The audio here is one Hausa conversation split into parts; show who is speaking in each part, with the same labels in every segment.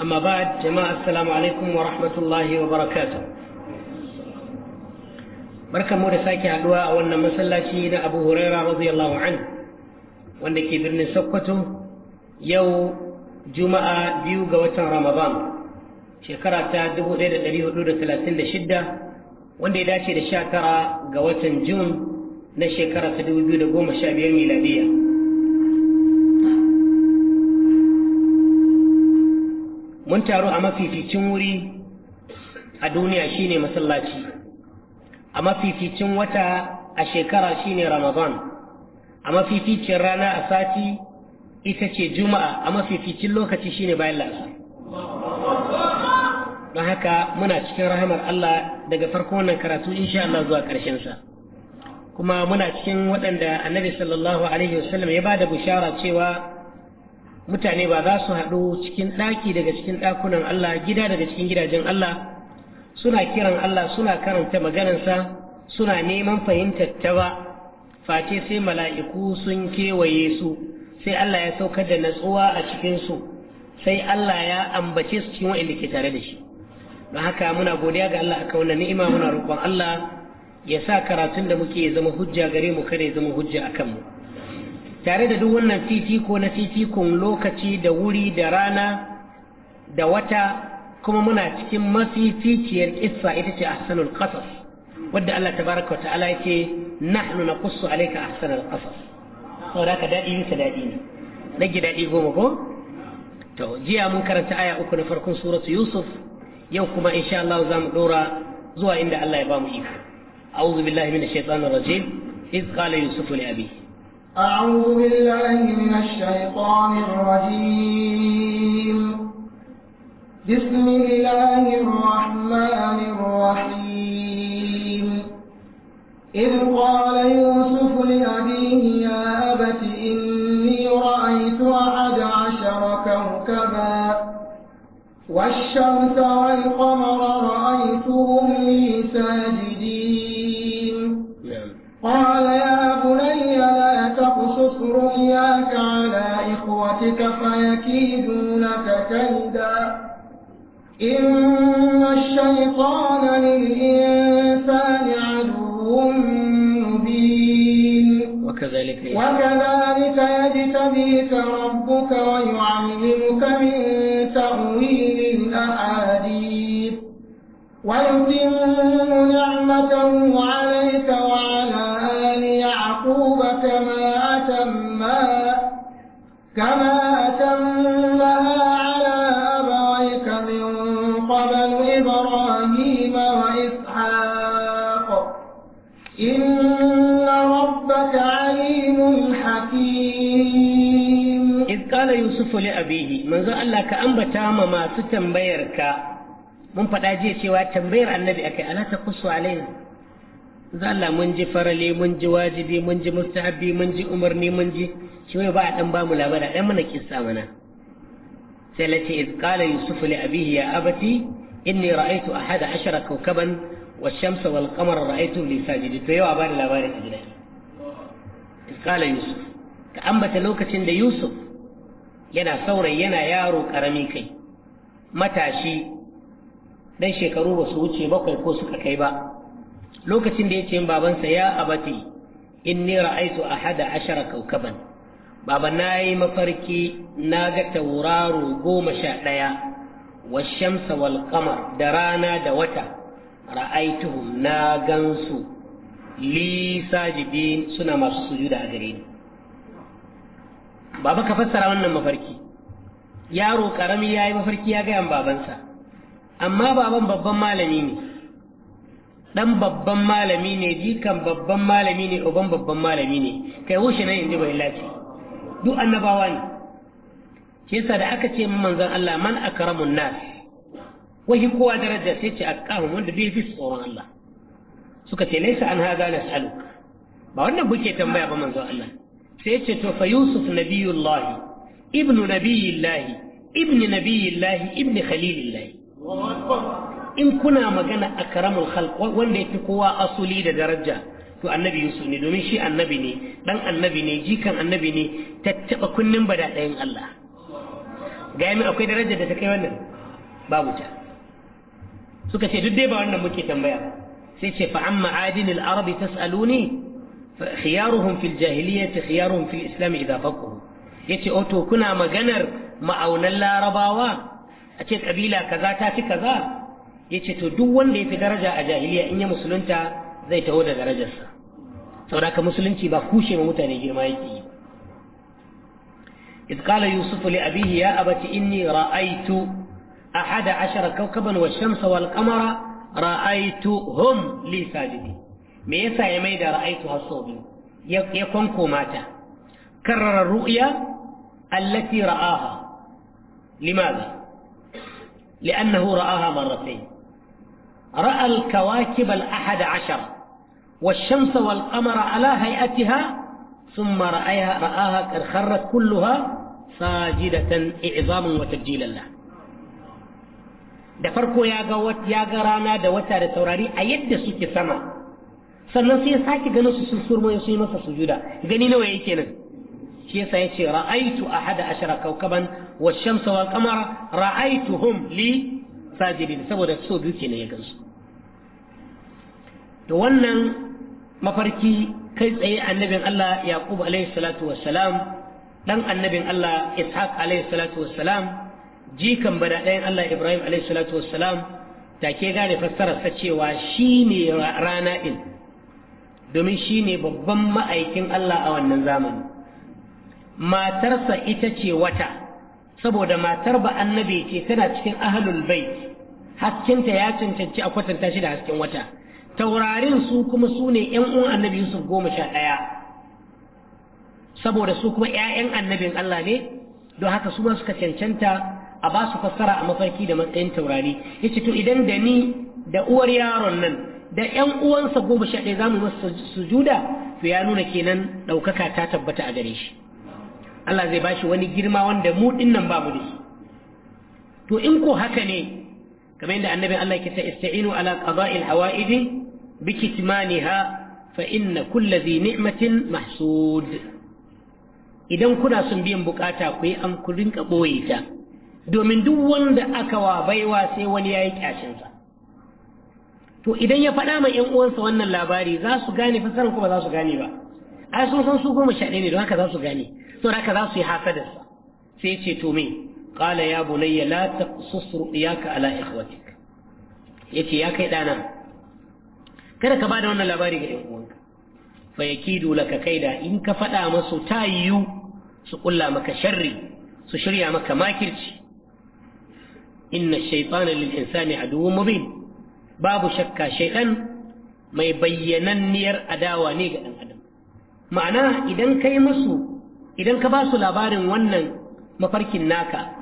Speaker 1: أما بعد جماعة السلام عليكم ورحمة الله وبركاته بركة موري ساكي عدوى أولنا مسلاتي أبو هريرة رضي الله عنه وأنك برن سكته يو جمعة بيو قوة رمضان شكرا تادبو ليلة لبيه دودة ثلاثين لشدة وأن داشي لشاكرا قوة جون نشكرا تدبو بيو لقوم الشعبية الميلادية mun taru a mafificin wuri a duniya shine masallaci a mafificin wata a shekara shine ramadan a mafificin rana a sati ita ce juma'a a mafificin lokaci shine bayan lasa don haka muna cikin rahamar Allah daga farko wannan karatu insha Allah zuwa ƙarshen sa kuma muna cikin waɗanda annabi sallallahu alaihi wasallam ya bada bushara cewa mutane ba za su haɗu cikin ɗaki daga cikin ɗakunan Allah gida daga cikin gidajen Allah suna kiran Allah suna karanta maganarsa suna neman fahimtar ta ba face sai mala'iku sun kewaye su sai Allah ya saukar da natsuwa a cikinsu sai Allah ya ambace su cikin wa'inda ke tare da shi don haka muna godiya ga Allah akan wannan ni'ima muna roƙon Allah ya sa karatun da muke zama hujja gare mu kada ya zama hujja a kanmu. tare da duk wannan fifiko na fifikon lokaci da wuri da rana da wata kuma muna cikin mafificiyar kissa ita ce ahsanul qasas wadda Allah tabaraka ta'ala yake nahnu naqussu alayka ahsanul qasas saboda ka dadi bisa dadi ne rage dadi goma ko to jiya mun karanta aya uku na farkon suratu yusuf yau kuma insha Allah za mu dora zuwa inda Allah ya ba mu iko أعوذ بالله من الشيطان الرجيم إذ قال يوسف لأبيه
Speaker 2: أعوذ بالله من الشيطان الرجيم بسم الله الرحمن الرحيم إذ قال يوسف لأبيه يا أبت إني رأيت أحد عشر كوكبا والشمس والقمر رأيتهم لي ساجدين قال يا بني لا تقصص رؤياك على إخوتك فيكيدونك كيدا إن الشيطان للإنسان عدو مبين وكذلك, وكذلك يجتبيك ربك ويعلمك من تأويل الأحاديث ويتم نعمته عليك وعلى يعقوب كما أتمها كما أتمها على أبويك من قبل إبراهيم وإسحاق إن ربك عليم حكيم إذ قال يوسف لأبيه من ذا الله كأنبتا
Speaker 1: ما ستنبيرك من faɗa jiya تنبير النبي أكي ألا تقص عليه za Allah mun ji farale mun ji wajibi mun ji mustahabi mun ji umarni mun ji shi ne ba a dan ba mu labari dan mana kissa mana sai la lace iz qala yusuf li abihi ya abati inni ra'aytu ahada ashara kawkaban wash-shamsa wal-qamara ra'aytu li sajidi to yau ba da labarin a gidan iz qala yusuf ka ambata lokacin da yusuf yana saurayi yana yaro karami kai matashi dan shekaru ba su wuce bakwai ko suka kai ba lokacin da ya ce babansa ya abati inni ra'aitu ahada ashara kaukaban baba na yi mafarki na ga tauraro goma sha ɗaya wa shamsa wal qamar da rana da wata ra'aituhum na gansu li sajidin suna masu sujuda a gare ni baba ka fassara wannan mafarki yaro karami ya yi mafarki ya gayan babansa amma baban babban malami ne dan babban malami ne jikan babban malami ne uban babban malami ne kai wuce nan inji bai lati duk annabawa ne Ke sa da aka ce manzan Allah man akramun nas wahi kowa daraja sai ce aqahu wanda bai fi tsoron Allah suka ce laisa an haza nas'aluk ba wannan buke tambaya ba manzon Allah sai ce to fa yusuf nabiyullah ibnu nabiyillah ibni nabiyillah ibni khalilillah in kuna magana a karamul wanda ya fi kowa asuli da daraja to annabi yusuf ne domin shi annabi ne dan annabi ne jikan annabi ne tattaba kunnin bada ɗayan allah ga yami akwai daraja da ta kai wannan babu ta suka ce duk dai ba wannan muke tambaya sai ce fa amma adinil arabi tas'aluni khiyaruhum fil jahiliyyati khiyaruhum fil islam idza faqahu yace o to kuna maganar ma'aunan larabawa a ce kabila kaza ta fi kaza yace to duk wanda ya fi daraja a jahiliya in ya musulunta zai taho da darajarsa saboda ka musulunci ba kushe ma mutane girma yake yi إذ قال يوسف لأبيه يا أبت إني رأيت أحد عشر كوكبا والشمس والقمر رأيتهم لي ساجدين me yasa ya mai da ra'aitu har sau biyu ya kwanko mata karrara ru'ya allati ra'aha limaza li'annahu ra'aha marratayn رأى الكواكب الأحد عشر والشمس والقمر على هيئتها ثم رأيها رآها قد خرت كلها ساجدة إعظاما وتبجيلا له da farko ya ga ya ga rana da wata da taurari a yadda suke sama sannan sai ya sake ganin su sun surmo su yi masa sujuda gani nawa yake nan shi yasa ya ce ra'aitu ahada ashara kawkaban wa shamsa wal qamara ra'aituhum li sajidin saboda so biyu ne ya gansu to wannan mafarki kai tsaye annabin Allah Yaqub alaihi salatu wassalam dan annabin Allah Ishaq alaihi salatu wassalam jikan bada ɗayan Allah Ibrahim alaihi salatu wassalam take gane fassararsa cewa shi ne rana ɗin domin shi ne babban ma'aikin Allah a wannan zamani matarsa ita ce wata saboda matar ba annabi ce tana cikin ahlul bait haskinta ya cancanci a kwatanta shi da hasken wata taurarin su kuma su ne yan un annabi yusuf goma sha ɗaya saboda su kuma ƴaƴan annabin allah ne don haka su ma suka cancanta a ba su fassara a mafarki da matsayin taurari Ya ce to idan da ni da uwar yaron nan da ƴan uwansa goma sha ɗaya za mu masa sujuda to ya nuna kenan ɗaukaka ta tabbata a gare shi Allah zai bashi wani girma wanda mu ɗin nan ba mu da shi to in ko haka ne kamar yadda annabi Allah ke ta ista'inu ala qada'il hawa'idi bi kitmaniha fa inna kulli dhi ni'matin mahsud idan kuna son biyan bukata ku yi an ku rinka boye ta domin duk wanda aka wa baiwa sai wani yayi kyashin sa to idan ya faɗa ma ƴan uwansa wannan labari za su gane fasaran ko ba za su gane ba ai sun san su goma sha ɗaya ne don haka za su gane saboda haka za su yi hasadarsa sai ce to me qala ya bunayya la taqsus ru'yaka ala ikhwatik yace ya kai dana kada ka bada wannan labari ga ɗan uwanka fa yakidu laka kaida in ka faɗa masu ta yiwu su kulla maka sharri su shirya maka makirci inna shaytana lil insani duhun mubin babu shakka shaiɗan mai bayyananniyar adawa ne ga ɗan adam ma'ana idan yi musu idan ka ba su labarin wannan mafarkin naka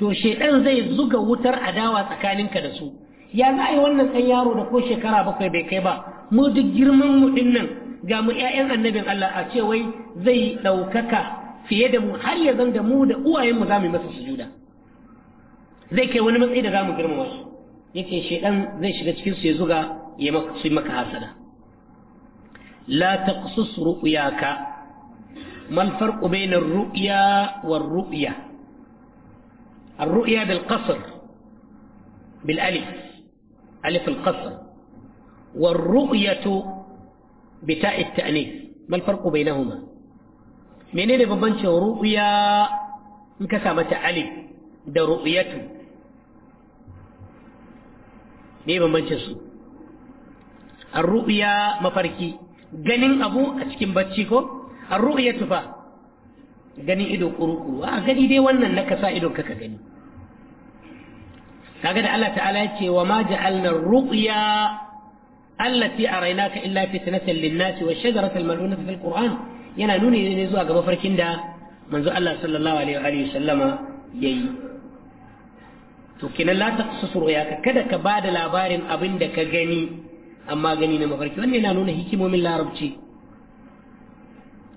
Speaker 1: to shedan zai zuga wutar adawa tsakaninka da su ya za a yi wannan ɗan yaro da ko shekara bakwai bai kai ba mu duk girman mu din nan ga mu ƴaƴan annabin Allah a ce wai zai ɗaukaka fiye da mu har ya zan da mu da uwayenmu za mu yi masa sujuda zai kai wani matsayi da za mu girmama yake shedan zai shiga cikin su ya zuga ya maka su maka hasada la taqsus ru'yaka mal farqu bainar ruya war-ru'ya الرؤيا بالقصر بالالف الف القصر والرؤية بتاء التأنيث ما الفرق بينهما منين ببنش رؤيا انكسامة الف ده رؤيته ليه ببنش سو الرؤيا مفركي جنين أبو اشكيم باتشيكو الرؤية fa gani ido kurukuru a gani dai wannan na kasa ido kaka gani kaga da Allah ta'ala ya ce wa ma ja'alna ruqya allati arainaka illa fitnatan lin-nasi wa shajaratal mal'unata al qur'an yana nuni ne zuwa gaba farkin da manzo Allah sallallahu alaihi wa alihi sallama yayi to kenan la taqsusu ru'yaka kada ka bada labarin abin da ka gani amma gani na mafarki wannan yana nuna hikimomin larabci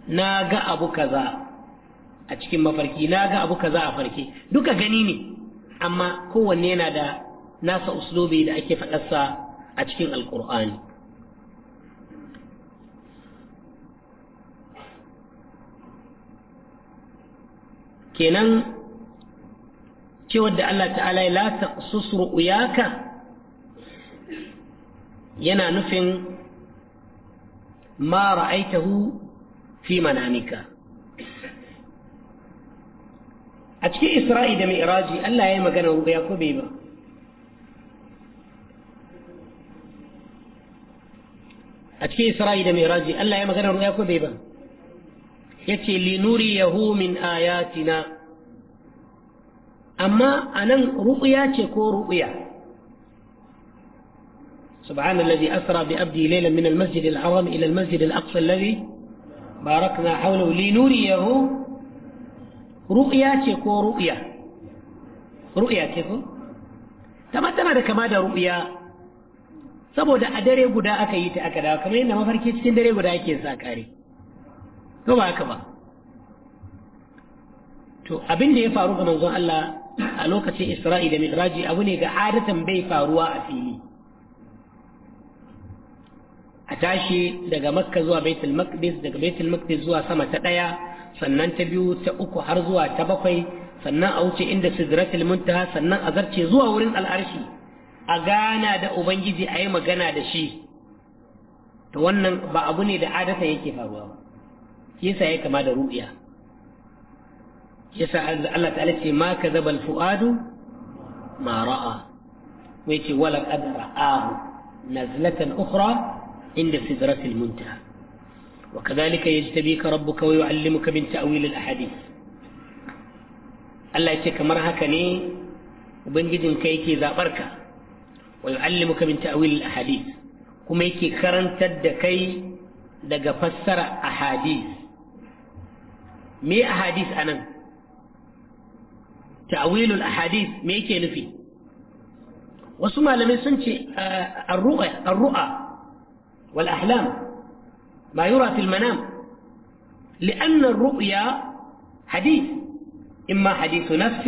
Speaker 1: na ga abu kaza a cikin mafarki na ga abu kaza a farke duka gani ne amma kowanne yana da nasa uslubi da ake faɗarsa a cikin alkur'ani kenan cewar da Allah ta'ala la taqsus uyaka yana nufin ma ra'aitahu fi manamika a cikin isra'i da mi'raji Allah ya yi magana ruɓaya ko bai ba a cikin isra'i da mi'raji Allah ya magana ruɓaya ko bai ba yace linuri yahu min ayatina amma anan ruɓuya ce ko ruɓuya سبحان الذي أسرى بأبدي ليلا من المسجد الحرام إلى المسجد الأقصى الذي باركنا حوله لنريه ru'ya ce ko ru'ya ru'ya ce ko kamar tana da kama da ru'ya saboda a dare guda aka yi ta aka dawo kamar yadda mafarki cikin dare guda yake sa kare to ba haka ba to abin da ya faru ga manzon Allah a lokacin Isra'i da Mi'raji abu ne ga adatan bai faruwa a fili a tashi daga Makka zuwa Baitul Maqdis daga Baitul Maqdis zuwa sama ta ɗaya. sannan ta biyu ta uku har zuwa ta bakwai sannan a wuce inda sidratul muntaha sannan a zarce zuwa wurin al'arshi a gana da ubangiji a yi magana da shi to wannan ba abu ne da adata yake faruwa ba yasa ya kama da ru'ya yasa Allah ta'ala ce ma ka al-fuadu ma ra'a wai ce wala qad ra'ahu nazlatan ukhra inda sidratil muntaha وكذلك يجتبيك ربك ويعلمك من تأويل الأحاديث الله يتي كمر هكني وبنجدن كيكي ذا بركة ويعلمك من تأويل الأحاديث كما يكي كرن تدكي daga fassara ahadis me ahadis anan ta'wilul ahadis me yake nufi wasu malamai sun ce arru'a arru'a wal ahlam ما يرى في المنام لأن الرؤيا حديث إما حديث نفس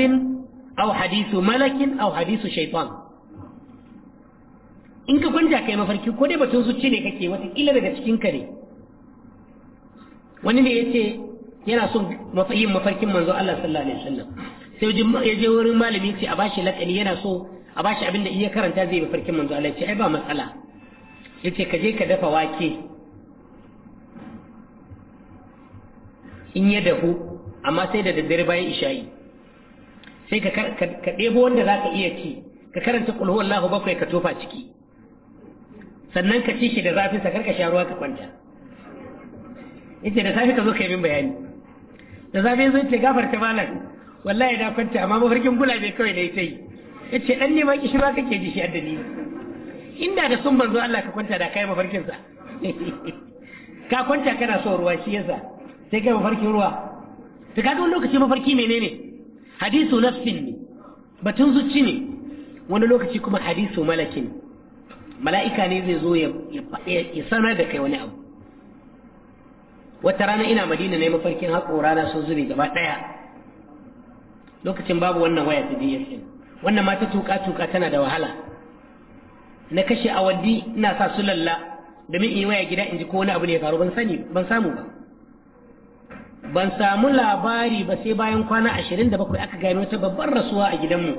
Speaker 1: أو حديث ملك أو حديث شيطان إن كنت كما فرقت كنت ب ت ن ص ت ن ي كتي و ت إ ل ا بغتك كري و ن ن ي ت ي ن ا صنع مفاهيم الله صلى الله عليه وسلم سيجي يجور مال ميكس أ ب ا ش لك ان ينا صو أ ب ا ش ابن ايكرا تازي مفرق منذ الله تعبى مسألة س أ ل in ya dahu amma sai da daddare bayan isha'i sai ka ɗebo wanda za ka iya ci ka karanta ƙulhu Allahu bakwai ka tofa ciki sannan ka ci shi da zafi sa karka sha ruwa ka kwanta yace da safe ka zo ka yi min bayani da zafi zai ce gafarta malam wallahi na kwanta amma mafarkin gulabe kawai da ta yi yace dan neman kishi ba kake ji shi a dalili inda da sun zo Allah ka kwanta da kai mafarkin sa ka kwanta kana so ruwa shi yasa sai kai mafarkin ruwa ta kaga wani lokaci mafarki menene hadisu nafsin ne batun zuci ne wani lokaci kuma hadisu malakin mala'ika ne zai zo ya sanar da kai wani abu wata rana ina madina ne mafarkin haƙo rana sun zube gaba ɗaya lokacin babu wannan waya ta dsm wannan mata tuka-tuka tana da wahala na kashe awaddi ina sa su lalla domin in yi waya gida in ji ko wani abu ne ya faru ban samu ba ban samu labari ba sai bayan kwana 27 aka gami wata babbar rasuwa a gidanmu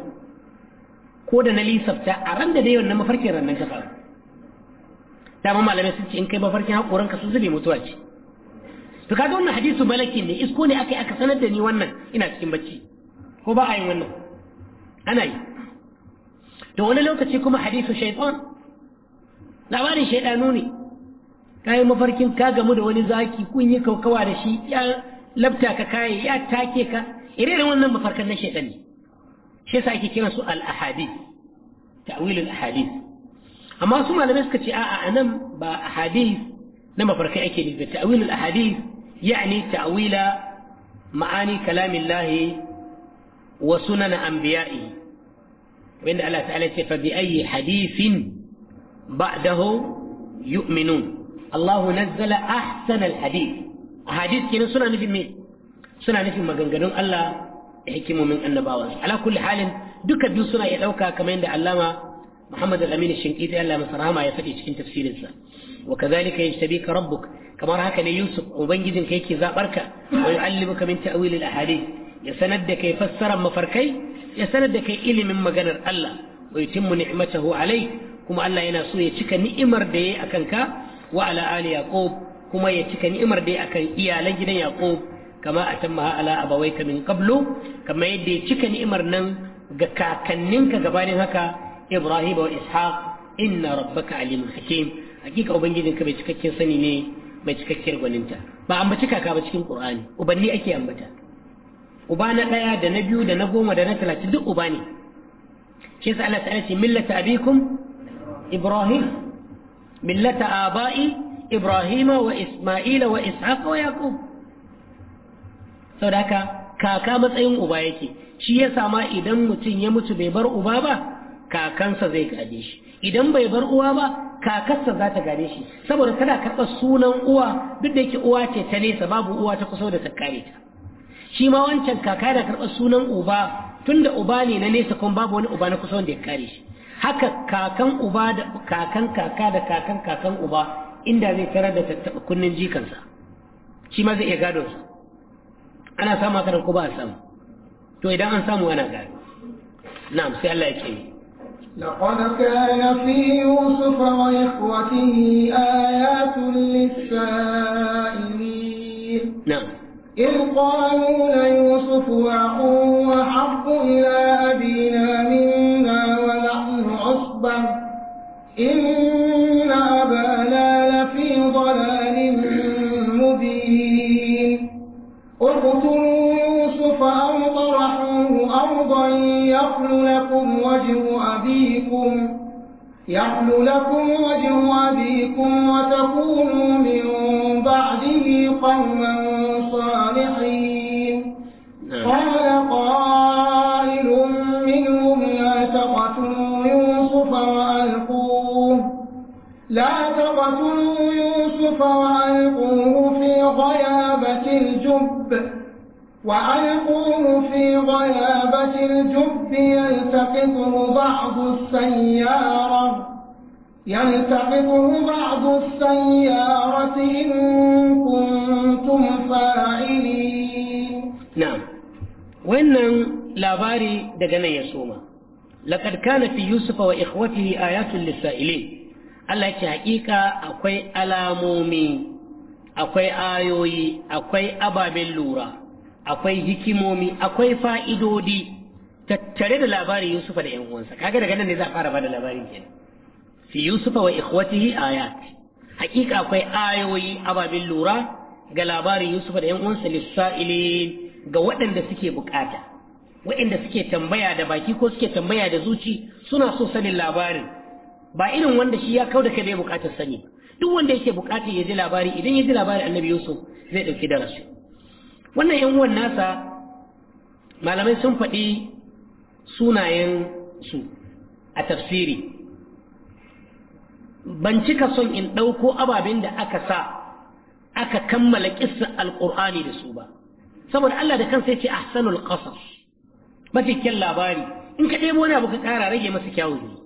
Speaker 1: ko da na lisafta a ran da dai wannan mafarkin rannan ta faru malamai sun ce in kai mafarkin haƙorin ka sun zube mutuwa ce to kaga wannan hadisu malaki ne isko ne aka aka sanar da ni wannan ina cikin bacci ko ba a yi wannan ana yi da wani lokaci kuma hadisu shaitan labarin shaidanu ne kayan mafarkin ka gamu da wani zaki kun yi kaukawa da shi labta ka kayan ya take ka irin wannan mafarkan na shaidan ne shi yasa ake kiransu al-ahadith ta'wil al-ahadith amma su malamai suka ce a'a anan ba ahadith na mafarkai ake nufi ta'wil al-ahadith yani ta'wila ma'ani kalamillahi wa sunan anbiya'i wanda Allah ta'ala ce fa bi ayyi hadithin ba'dahu yu'minun Allah nazzala ahsana al-hadith hadis kenan suna nufin me maganganun Allah da hikimomin annabawan ala kulli halin duka biyu suna iya ɗauka kamar yadda Allama Muhammad Al-Amin Shinqiti Allah masa rahama ya faɗi cikin tafsirin sa wa kadhalika yashtabika rabbuk kamar haka ne Yusuf ubangijin ka yake zabar ka wa yu'allimuka min ta'wilil ahadith ya sanar da kai fassarar mafarkai ya sanar da kai ilimin maganar Allah wa yutimmu ni'matahu alai kuma Allah yana so ya cika ni'imar da yayi akan ka wa ala ali kuma ya cika ni'imar dai akan iyalan gidan yaqub kama atamma ala ka min qablu kama yadda ya cika ni'imar nan ga kakanninka gabanin haka ibrahim wa ishaq inna rabbaka alimun hakim hakika ubangijinka bai cikakken sani ne mai cikakkiyar gwaninta ba ambaci kaka ba cikin qur'ani ubanni ake ambata uba na daya da na biyu da na goma da na talatin duk uba ne shi yasa Allah ta'ala ce millata abikum ibrahim millata aba'i إبراهيم وإسماعيل وإسحاق ويعقوب saboda kaka matsayin uba yake shi yasa ma idan mutum ya mutu bai bar uba ba kakansa zai gane shi idan bai bar uwa ba kakarsa za ta gade shi saboda tana karɓar sunan uwa duk da yake uwa ce ta nesa babu uwa ta kusa da ta kare ta shi ma wancan kaka da karɓar sunan uba tunda uba ne na nesa kuma babu wani uba na kusa wanda ya kare shi haka kakan uba da kakan kaka da kakan kakan uba inda zai tarar da tattaɓa kunnen jikansa shi ma zai iya gado su ana samu haka ko ba a samu to idan an samu ana gado na'am sai Allah ya ce
Speaker 2: لقد كان في يوسف وإخوته آيات للسائلين نعم إذ قالوا ليوسف وأخوه أحب إلى أبينا منا ونحن عصبة إن ضلال مبين اقتلوا يوسف أو طرحوه أرضا يخل لكم وجه أبيكم يحل لكم وجه أبيكم وتكونوا من بعده قوما صالحين نعم. قال قائل منهم لا تقتلوا يوسف وألقوه لا تقتلوا فألقوه في غيابة الجب وألقوه في غيابة الجب يلتقطه بعض السيارة يلتقطه بعض السيارة إن كنتم فاعلين
Speaker 1: نعم وإن لاباري دقنا يسوما لقد كان في يوسف وإخوته آيات للسائلين Allah ce hakika akwai alamomi akwai ayoyi akwai ababen lura akwai hikimomi akwai fa'idodi tattare da labarin Yusufa da ƴan uwansa kaga daga nan ne za a fara bada labarin kenan fi Yusufa wa ikhwatihi ayat hakika akwai ayoyi ababen lura ga labarin Yusufa da ƴan uwansa lissa'ili ga waɗanda suke bukata waɗanda suke tambaya da baki ko suke tambaya da zuci suna so sanin labarin ba irin wanda shi ya kau da kai bai bukatar sani ba duk wanda yake bukatar ya ji labari idan ya ji labarin annabi yusuf zai ɗauki darasi wannan yan uwan nasa malamai sun faɗi sunayen su a tafsiri ban cika son in ɗauko ababen da aka sa aka kammala kissa alƙur'ani da su ba saboda Allah da kansa yace ahsanul qasas mafi kyan labari in ka ɗebo wani abu ka ƙara rage masa kyawu ne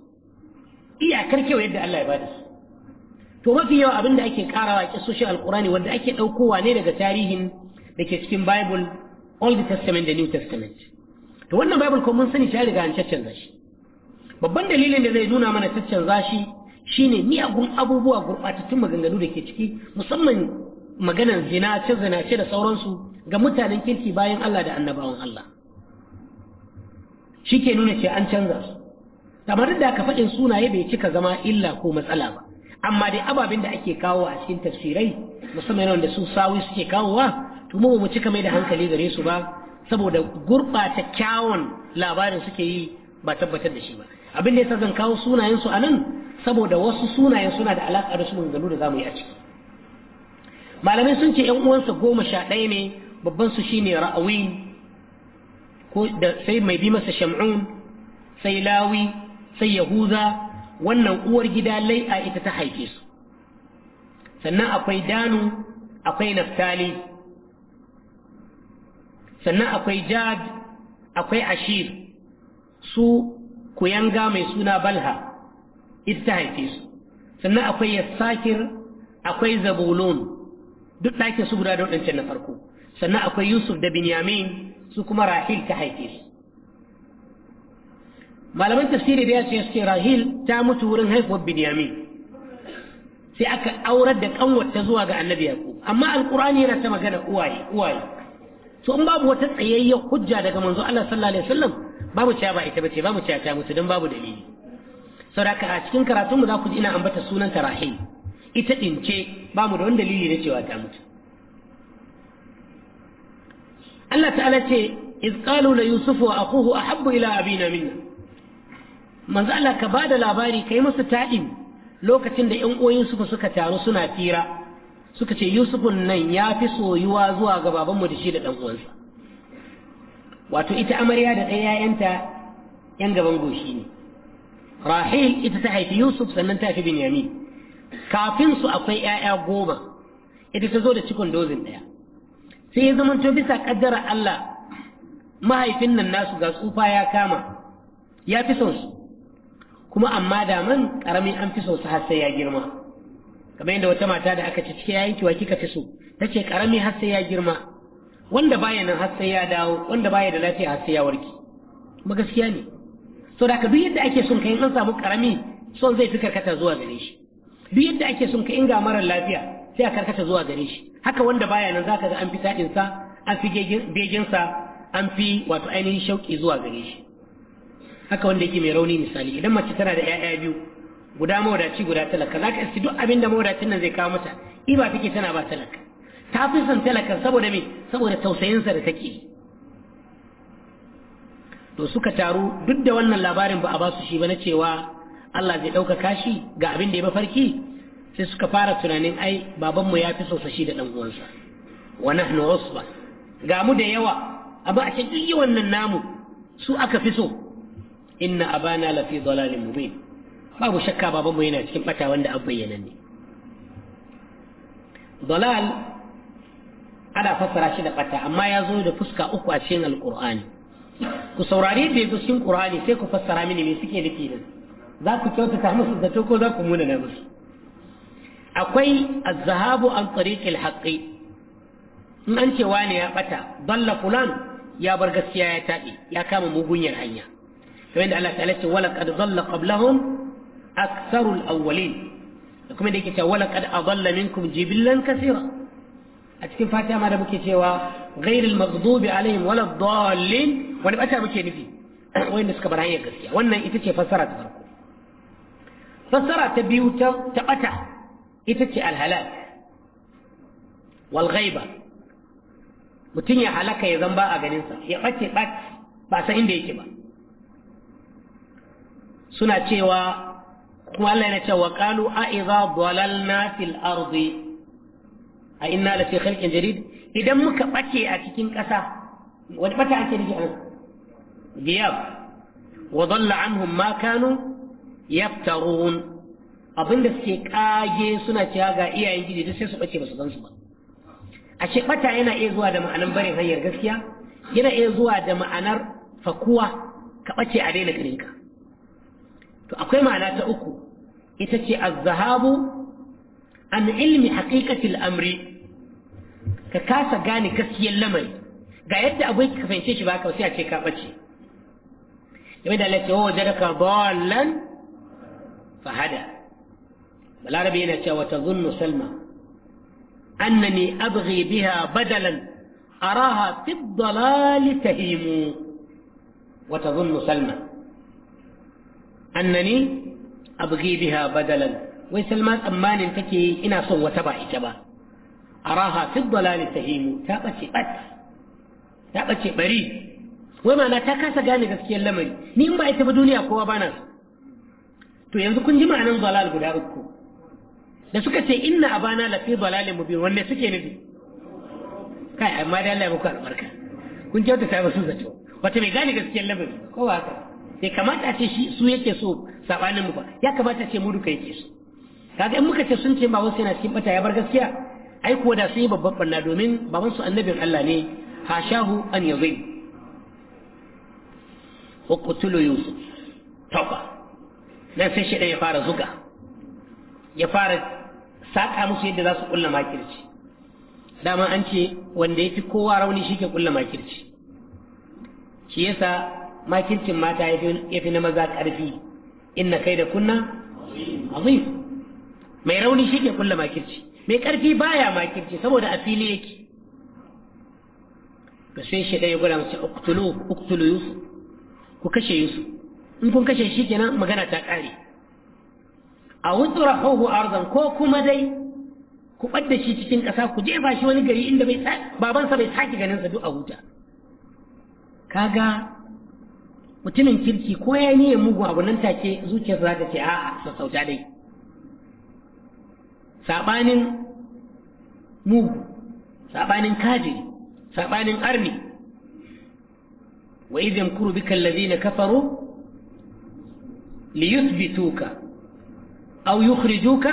Speaker 1: iyakar kyau yadda Allah ya bada su to mafi yawa abin da ake karawa kisoshin alkurani wanda ake ɗaukowa ne daga tarihin da ke cikin bible old testament da new testament to wannan bible kuma mun sani ta riga an caccan shi babban dalilin da zai nuna mana caccanza shi shine miyagun abubuwa gurɓatattun maganganu da ke ciki musamman maganar zina ce da sauransu ga mutanen kirki bayan Allah da annabawan Allah shi ke nuna ce an canza su kamar da ka faɗin sunaye bai cika zama illa ko matsala ba amma dai ababen da ake kawo a cikin tafsirai musamman wanda su sawi suke kawowa to mu mu cika mai da hankali gare su ba saboda gurɓata kyawun labarin suke yi ba tabbatar da shi ba abin da yasa zan kawo sunayen su anan saboda wasu sunayen suna da alaƙa da su maganganu da zamu yi a ciki malamai sun ce yan uwansa goma sha ɗaya ne babban su shine ra'awi ko da sai mai bi masa shamun sai lawi sai yahuza wannan uwar gida lai'a ita ta haife su sannan akwai danu akwai naftali sannan akwai jad akwai ashir su kuyanga mai suna balha ita ta haife su sannan akwai yassakir akwai zabulun duk ɗakin su guda da waɗancan na farko sannan akwai yusuf da binyamin su kuma rahil ta haife su malaman tafsiri da ya ce suke rahil ta mutu wurin haifuwar binyamin sai aka aurar da kanwata zuwa ga annabi yaqub amma alqur'ani yana ta magana uwaye uwaye to in babu wata tsayayyar hujja daga manzo Allah sallallahu alaihi wasallam babu cewa ba ita bace babu cewa ta mutu dan babu dalili saboda a cikin karatunmu za ku ji ina ambata sunan ta rahil ita din ce ba mu da wani dalili na cewa ta mutu Allah ta'ala ce iz qalu la yusufu wa akhuhu ahabbu ila abina minna manzo Allah ka bada labari kai musu taɗin lokacin da ƴan uwan Yusuf suka taru suna fira suka ce Yusufun nan ya fi soyuwa zuwa ga babanmu da shi da ɗan uwansa wato ita amarya da ɗaya yayanta ƴan gaban goshi ne Rahil ita ta haifi Yusuf sannan ta haifi Binyamin kafin su akwai ƴaƴa goma ita ta zo da cikon dozin ɗaya sai ya zama to bisa ƙaddara Allah mahaifin nan nasu ga tsufa ya kama ya fi son su kuma amma da man karami an fi so su har sai ya girma kamar yadda wata mata da aka ci cike yayin wa kika fi so tace karami har sai ya girma wanda baya nan har sai ya dawo wanda baya da lafiya har sai ya warke kuma gaskiya ne so da ka duk yadda ake son kai an samu karami son zai fi karkata zuwa gare shi duk yadda ake son ka ga marar lafiya sai a karkata zuwa gare shi haka wanda baya nan zaka ga an fi saɗinsa, sa an fi begin sa an fi wato ainihin shauki zuwa gare shi haka wanda yake mai rauni misali idan mace tana da 'ya'ya biyu guda mawadaci guda talaka za ka iski duk abin da mawadacin nan zai kawo mata ba take tana ba talaka ta fi son talakan saboda me saboda tausayinsa da take to suka taru duk da wannan labarin ba a ba su shi ba na cewa Allah zai ɗaukaka shi ga abin da ya mafarki sai suka fara tunanin ai babanmu ya fi sosa shi da ɗan uwansa wa nahnu usba ga mu da yawa amma a ce yi wannan nan namu su aka fi so inna abana lafi dalalin mubin babu shakka babanmu yana cikin bata wanda an bayyana ne dalal ana fassara shi da bata amma ya zo da fuska uku a cikin alqur'ani ku saurari da yake cikin qur'ani sai ku fassara mini me suke nufi da za ku kyautata musu zato ko za ku munana musu akwai zahabu an tariqil haqqi in an ce wani ya bata dalla fulan ya bar gaskiya ya taɗe ya kama mugunyar hanya kamar da Allah ta'ala ce wala qad dhalla qablahum aktharul awwalin da kuma da yake cewa wala qad adalla minkum jibillan kaseera a cikin fatiha ma da muke cewa ghairil maghdubi alaihim wala dhallin wani bata muke nufi wanda suka bar hanyar gaskiya wannan ita ce fassara ta farko fassara ta biyu ta bata ita ce alhalal. wal ghaiba mutum ya halaka ya zan ba a ganinsa ya ɓace ɓace ba san inda yake ba suna cewa kuma Allah yana cewa qalu a idza dalalna fil ardi a inna la fi khalqin jadid idan muka bace a cikin ƙasa wani bata ake nufi a giyab wa dalla anhum ma kanu yaftarun abinda suke kage suna cewa ga iyayen gidi duk sai su bace basu gansu ba a ce bata yana iya zuwa da ma'anar barin hanyar gaskiya yana iya zuwa da ma'anar fakuwa ka bace a daina ganinka to akwai ma'ana ta uku ita ce azzahabu an ilmi haqiqatil amri ka kasa gane gaskiyar lamari ga yadda abu ka fahimce shi ba ka sai a ce ka bace game da Allah ce wa wajadaka dallan fahada balarabi yana cewa tazunnu salma annani abghi biha badalan araha fi ad-dalali tahimu wa tazunnu salma annani abghi biha badalan wai salma tsammanin take yi ina son wata ba ita ba araha fi dalal tahimu ta bace bat ta bace bari wai ma'ana ta kasa gane gaskiyar lamari ni in ba ita ba duniya kowa bana to yanzu kun ji ma'anan dalal guda uku da suka ce inna abana fi dalalin mubin wanne suke nufi kai amma da Allah ya muku albarka kun kyauta ta ba su zato wata mai gane gaskiyar lamari kowa haka Sai kamata ce shi su yake so sabanin mu ba ya kamata ce mu duka yake so kaga in muka ce sun ce ba wasu yana cikin bata ya bar gaskiya ai kuwa da sun yi babban barna domin baban su annabin Allah ne hashahu an yazin wa qutulu yusuf tauba dan sai shi ya fara zuga ya fara saka musu yadda za su kulla makirci dama an ce wanda ya kowa rauni shi ke kulla makirci shi yasa makincin mata ya fi na maza ƙarfi inna kai da kunna azim mai rauni shi ke kulla makirci mai ƙarfi baya makirci saboda a fili yake ga sai shi ɗaya gwada mace uktulu uktulu yusuf ku kashe yusuf in kun kashe shi kenan magana ta ƙare a wutsura a arzan ko kuma dai ku ɓadda shi cikin ƙasa ku jefa shi wani gari inda babansa bai sake ganinsa duk a huta kaga mutumin kirki ko ya yi mugu abu nan take zuciyar za ta ce a'a sassauta dai saɓanin mugu saɓanin kaji saɓanin arni wa idan kuru bika allazina kafaru li yuthbituka aw yukhrijuka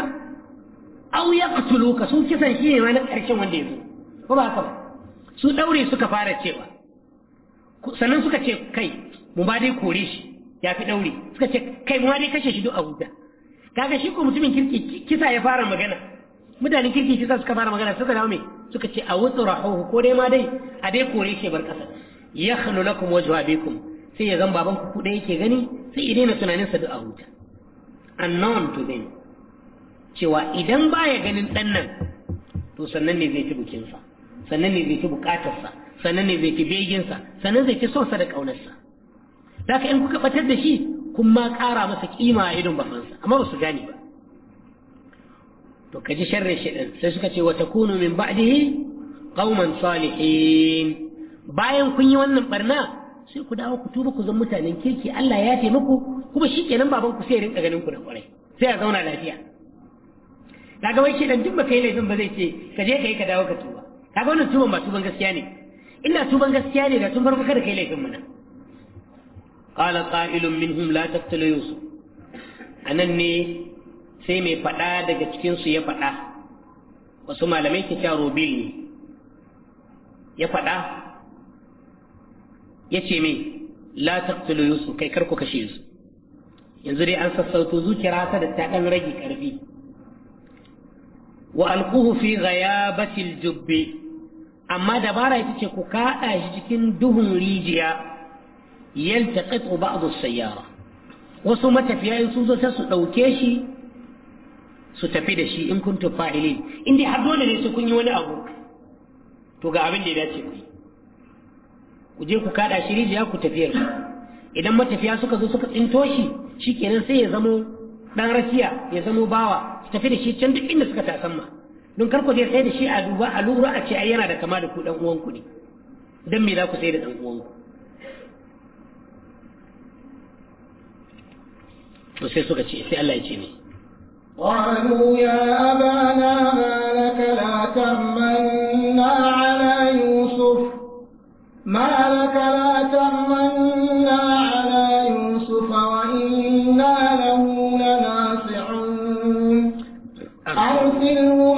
Speaker 1: aw yaqtuluka sun kisan shi ne wani karshen wanda ya zo ko ba haka ba su daure suka fara cewa sannan suka ce kai mu ma dai kore shi ya fi ɗaure suka ce kai mu ma dai kashe shi duk abuja kaga shi ko mutumin kirki kisa ya fara magana mutanen kirki kisa suka fara magana suka dawo me suka ce a wutsu rahuhu ko dai ma dai a dai kore shi bar ƙasa ya khulu lakum wajha bikum sai ya zan baban ku kuɗa yake gani sai ya daina tunanin sa duk abuja unknown to them cewa idan baya ganin ɗan nan to sannan ne zai ci bukinsa sannan ne zai ci bukatarsa sannan ne zai ci beginsa sannan zai ci sonsa da ƙaunarsa Zaka in kuka batar da shi kun ma ƙara masa kima a idon bafansa amma ba su gane ba to kaji sharrin shi din sai suka ce wa takunu min ba'dihi qauman salihin bayan kun yi wannan barna sai ku dawo ku tuba ku zan mutanen kirki Allah ya taimako kuma shi kenan baban ku sai rinka ganin ku da kwarai sai a zauna lafiya kaga wai shedan duk baka yi laifin ba zai ce ka je ka yi ka dawo ka tuba kaga wannan tuban ba tuban gaskiya ne ina tuban gaskiya ne da tun farko kada ka yi laifin mu na qala qa'ilun minhum la taqtulu a anan ne sai mai faɗa daga cikinsu ya faɗa wasu malamai ke cewa robin ne ya faɗa ya ce mai la taqtulu yusuf kai karku kashe su. yanzu dai an sassauto zuciya ta da ta ɗan rage ƙarfi wa alquhu fi batil jubbi amma dabara ita ce ku kaɗa shi cikin duhun rijiya yaltaqit ba'd as-sayyara wasu matafiya in sun zo sai su dauke shi su tafi da shi in kuntum fa'ilin in dai har dole ne su kun yi wani abu to ga abin da ya dace ku yi ku je ku kada shi rijiya ku tafiyar idan matafiya suka zo suka tsinto shi shikenan sai ya zamo dan rakiya ya zamo bawa su tafi da shi can duk inda suka tasamma don kar sai da shi a duba a lura a ce ai yana da kama da ku dan ne don me za ku sai da ɗan uwan to suka ce sai Allah ya ce ni
Speaker 2: qalu ya ala yusuf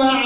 Speaker 2: ma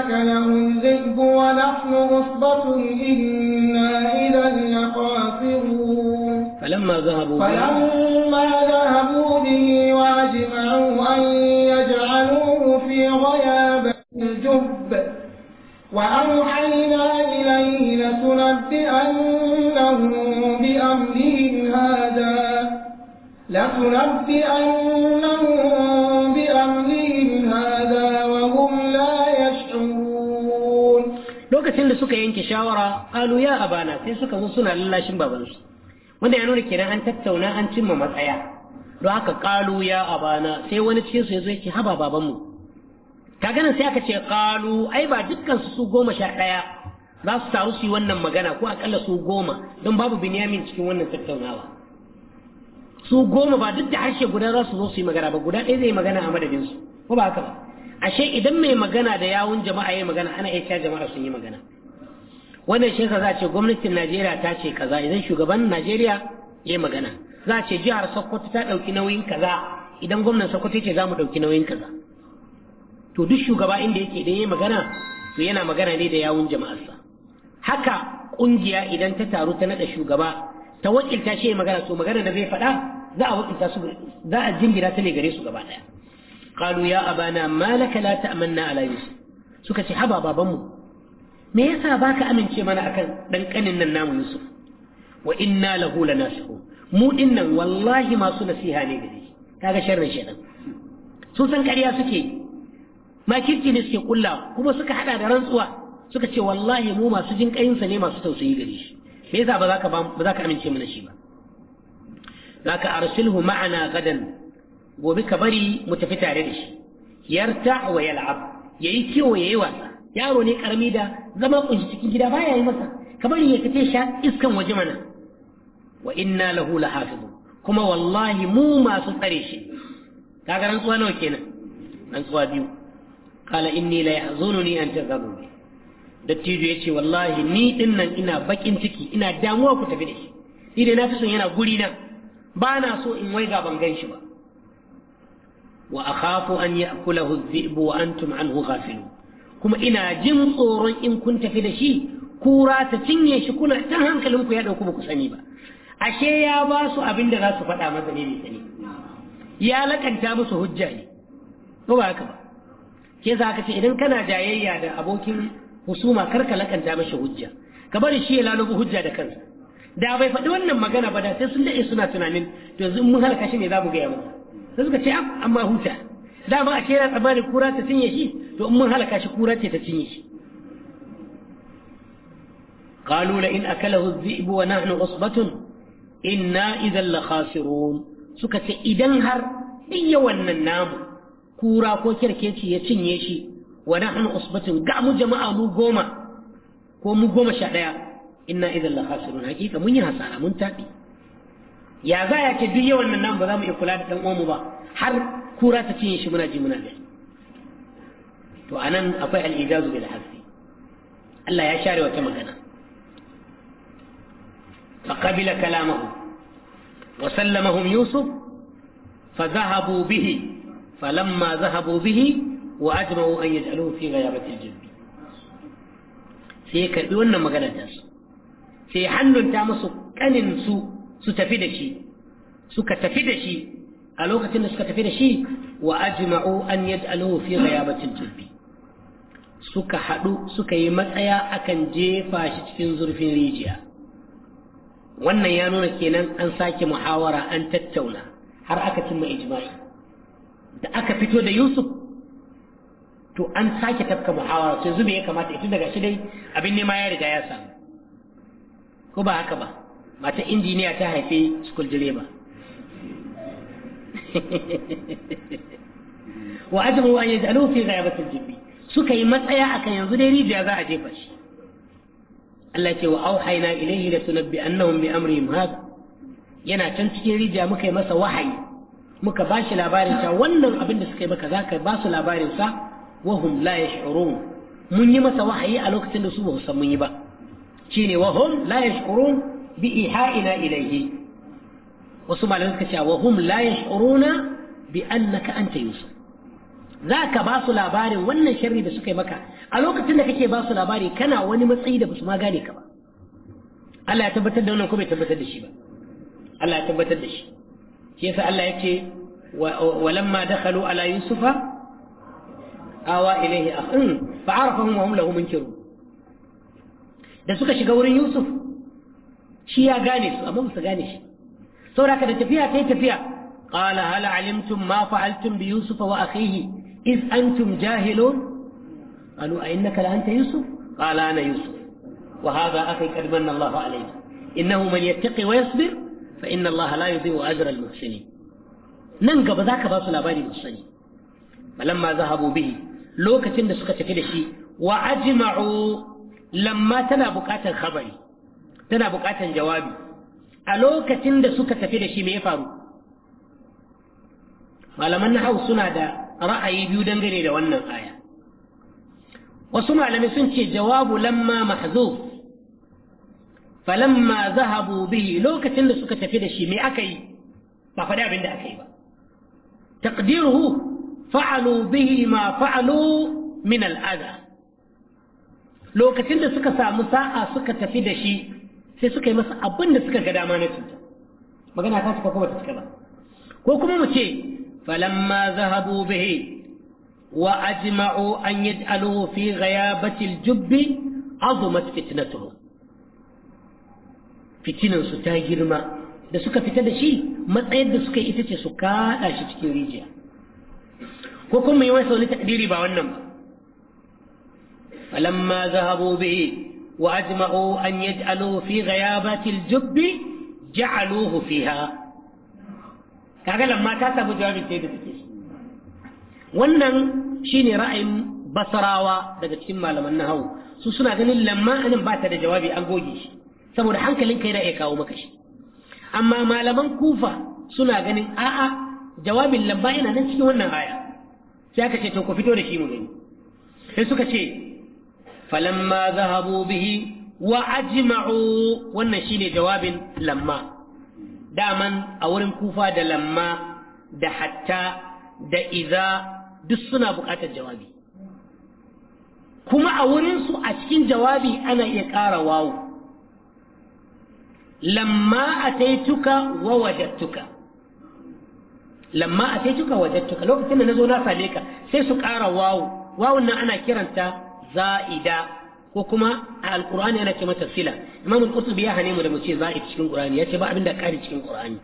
Speaker 2: أولئك لهم ذئب ونحن غصبة إنا إذا لخاسرون فلما ذهبوا فلما ذهبوا به وأجمعوا أن يجعلوه في غيابة الجب وأوحينا إليه لتنبئنهم بأمرهم هذا لتنبئنهم بأمرهم lokacin da suka yanke shawara qalu ya abana sai suka zo
Speaker 1: suna lallashin babansu wanda ya nuna kenan an tattauna an cimma matsaya don haka kalu ya abana sai wani cikin su yazo yake haba babanmu kaga nan sai aka ce kalu ai ba dukkan su su goma sha daya za su taru su yi wannan magana ko akalla su goma don babu binyamin cikin wannan tattaunawa su goma ba duk da harshe guda za su zo su yi magana ba guda ɗaya zai magana a madadinsu ko ba haka ba ashe idan mai magana da yawun jama'a ya magana ana iya jama'a sun yi magana wannan shi za ce gwamnatin najeriya ta ce kaza idan shugaban najeriya ya magana za a ce jihar sokoto ta ɗauki nauyin kaza idan gwamnan sokoto ce za mu ɗauki nauyin kaza to duk shugaba inda yake idan ya magana to yana magana ne da yawun jama'arsa haka ƙungiya idan ta taru ta naɗa shugaba ta wakilta shi ya magana to magana da zai faɗa za a wakilta su za a jingira ta ne gare su gaba ɗaya qalu ya abana ma la ta'manna ala yusuf suka ce haba babanmu me yasa baka amince mana akan ɗan kanin nan namu yusuf wa lahula lahu lanasihu mu dinnan wallahi masu nasiha ne gare kaga sharrin shedan sun san ƙarya suke makirci ne suke kulla kuma suka haɗa da rantsuwa suka ce wallahi mu masu jin ne masu tausayi gare shi me yasa ba za ka amince mana shi ba ara arsilhu ma'ana gadon. gobe ka bari mu tafi tare da shi yarta wa yal'ab yayi kiwo yayi wasa yaro ne karami da zama kunshi cikin gida baya yi masa ka bari ya kace sha iskan waje mana wa inna lahu lahafizu kuma wallahi mu masu tsare shi kaga rantsuwa nawa kenan rantsuwa biyu qala inni la yahzununi an tazabu dattijo ya ce wallahi ni din nan ina bakin ciki ina damuwa ku tafi da shi ni dai na fi son yana guri na ba na so in waiga ban gan shi ba wa akhafu an ya'kulahu adh-dhi'bu wa antum anhu ghafilun kuma ina jin tsoron in kun tafi da shi kura ta cinye shi kuna dan hankalin ku ya dauku ba ku sani ba ashe ya ba su abin da za su faɗa masa ne sani ya lakanta musu hujja ne ko ba haka ba ke za ka ce idan kana jayayya da abokin husuma kar ka lakanta mashi hujja ka bari shi ya lalubu hujja da kansa da bai faɗi wannan magana ba da sai sun daɗe suna tunanin to yanzu mun halaka shi ne za mu gaya masa sai suka ce amma huta dama a ce yana tsammanin kura ta cinye shi to in mun halaka shi kura ce ta cinye shi قالوا لئن أكله الذئب ونحن عصبة إنا إذا لخاسرون suka ce idan har iya wannan namu kura ko kirkeci ya cinye shi wa nahnu usbatun ga mu jama'a mu goma ko mu goma sha hakika mun yi hasara mun ya za ya ce duk yawan nan ba za mu iya kula da ɗan uwanmu ba har kura ta cinye shi muna ji muna gani to anan akwai al'ijazu bil hafi Allah ya share wata magana فقبل كلامه وسلمهم يوسف فذهبوا به فلما ذهبوا به وأجمعوا أن يجعلوه في غيابة الجب sai karbi wannan magana ta su sai hannunta musu kanin su su tafi da shi suka tafi da shi a lokacin da suka tafi da shi wa ajma'u an yaj'aluhu fi ghayabatil jubbi suka haɗu suka yi matsaya akan jefa shi cikin zurfin rijiya wannan ya nuna kenan an sake muhawara an tattauna har aka cimma ijma'i da aka fito da yusuf to an sake tafka muhawara sai zube ya kamata ita daga shi dai abin nema ya riga ya samu ko ba haka ba mata injiniya ta haife school direba wa ajmu an yaj'aluhu fi ghayabatil jibbi suka yi matsaya akan yanzu dai rijiya za a jefa shi Allah ce wa auhayna ilayhi la tunabbi annahum bi amrihim hada yana can cikin rijiya muka yi masa wahayi muka ba shi labarin cewa wannan abin da suka yi maka zaka ba su labarin sa wa hum la yash'urun mun yi masa wahayi a lokacin da su ba su san mun yi ba shine wa hum la yash'urun بإيحائنا إليه wasu malamai suka ce wa hum la yashuruna bi annaka anta yusuf zaka ba su labarin wannan sharri da suka yi maka a lokacin da kake ba su labari kana wani matsayi da basu ma gane ka ba Allah ya tabbatar da wannan kuma ya tabbatar da shi ba Allah ya tabbatar da shi shi yasa Allah yake wa lamma dakhalu ala yusufa awa ilayhi akhun hmm, fa arafahum wa hum lahu munkirun da suka shiga wurin yusuf شيا ya gane su amma musu gane تفيها saboda da tafiya ta yi tafiya qala hal alimtum ma fa'altum bi قالوا أئنك لأنت يوسف قال أنا يوسف وهذا أخي قد من الله عليه إنه من يتقي ويصبر فإن الله لا يضيع أجر المحسنين ننقب ذاك باص الأباني المحسنين فلما ذهبوا به لوكة نسكة كده شيء وأجمعوا لما تنا بكات الخبري tana buƙatar jawabi a lokacin da suka tafi da shi me ya faru malaman nahau suna da ra'ayi biyu dangane da wannan aya wasu malami sun ce jawabu lamma mahzuf falamma zahabu bihi lokacin da suka tafi da shi me aka yi ba faɗi abin da aka yi ba taqdiruhu fa'alu bihi ma fa'alu min al'ada lokacin da suka samu sa'a suka tafi da shi sai suka yi masa abin da suka ga dama na cuta magana ta cika kuma ta cika ba ko kuma mu ce falamma zahabu bihi wa ajma'u an yaj'aluhu fi ghayabati al-jubbi azumat fitnatuhu fitinan su ta girma da suka fita da shi matsayin da suka yi ita ce su kaɗa shi cikin rijiya ko kuma yi masa wani takdiri ba wannan ba falamma zahabu bihi وأجمعوا أن يجعلوه في غيابة الجب جعلوه Ka ga lamma ta samu jawabin sai da suke shi wannan shine ra'ayin basarawa daga cikin malaman nahawu su suna ganin lamma anan ba ta da jawabi an goge shi saboda hankalin kai na iya kawo maka shi amma malaman kufa suna ganin a'a jawabin lamma yana nan ciki wannan aya sai aka ce to ku fito da shi mu gani sai suka ce falamma zahabu bihi wa ajma'u wannan shine jawabin lamma daman a wurin kufa da lamma da hatta da iza duk suna buƙatar jawabi kuma a wurinsu a cikin jawabi ana iya ƙara wawo lamma a taituka wa wajattuka lamma a taituka wajattuka lokacin da na zo na same ka sai su ƙara wawo wawon nan ana kiranta za'ida ko kuma a alqur'ani ana ce mata sila imam al-qurtubi ya hane mu da mu ce za'id cikin qur'ani yace ba abin da ƙari cikin qur'ani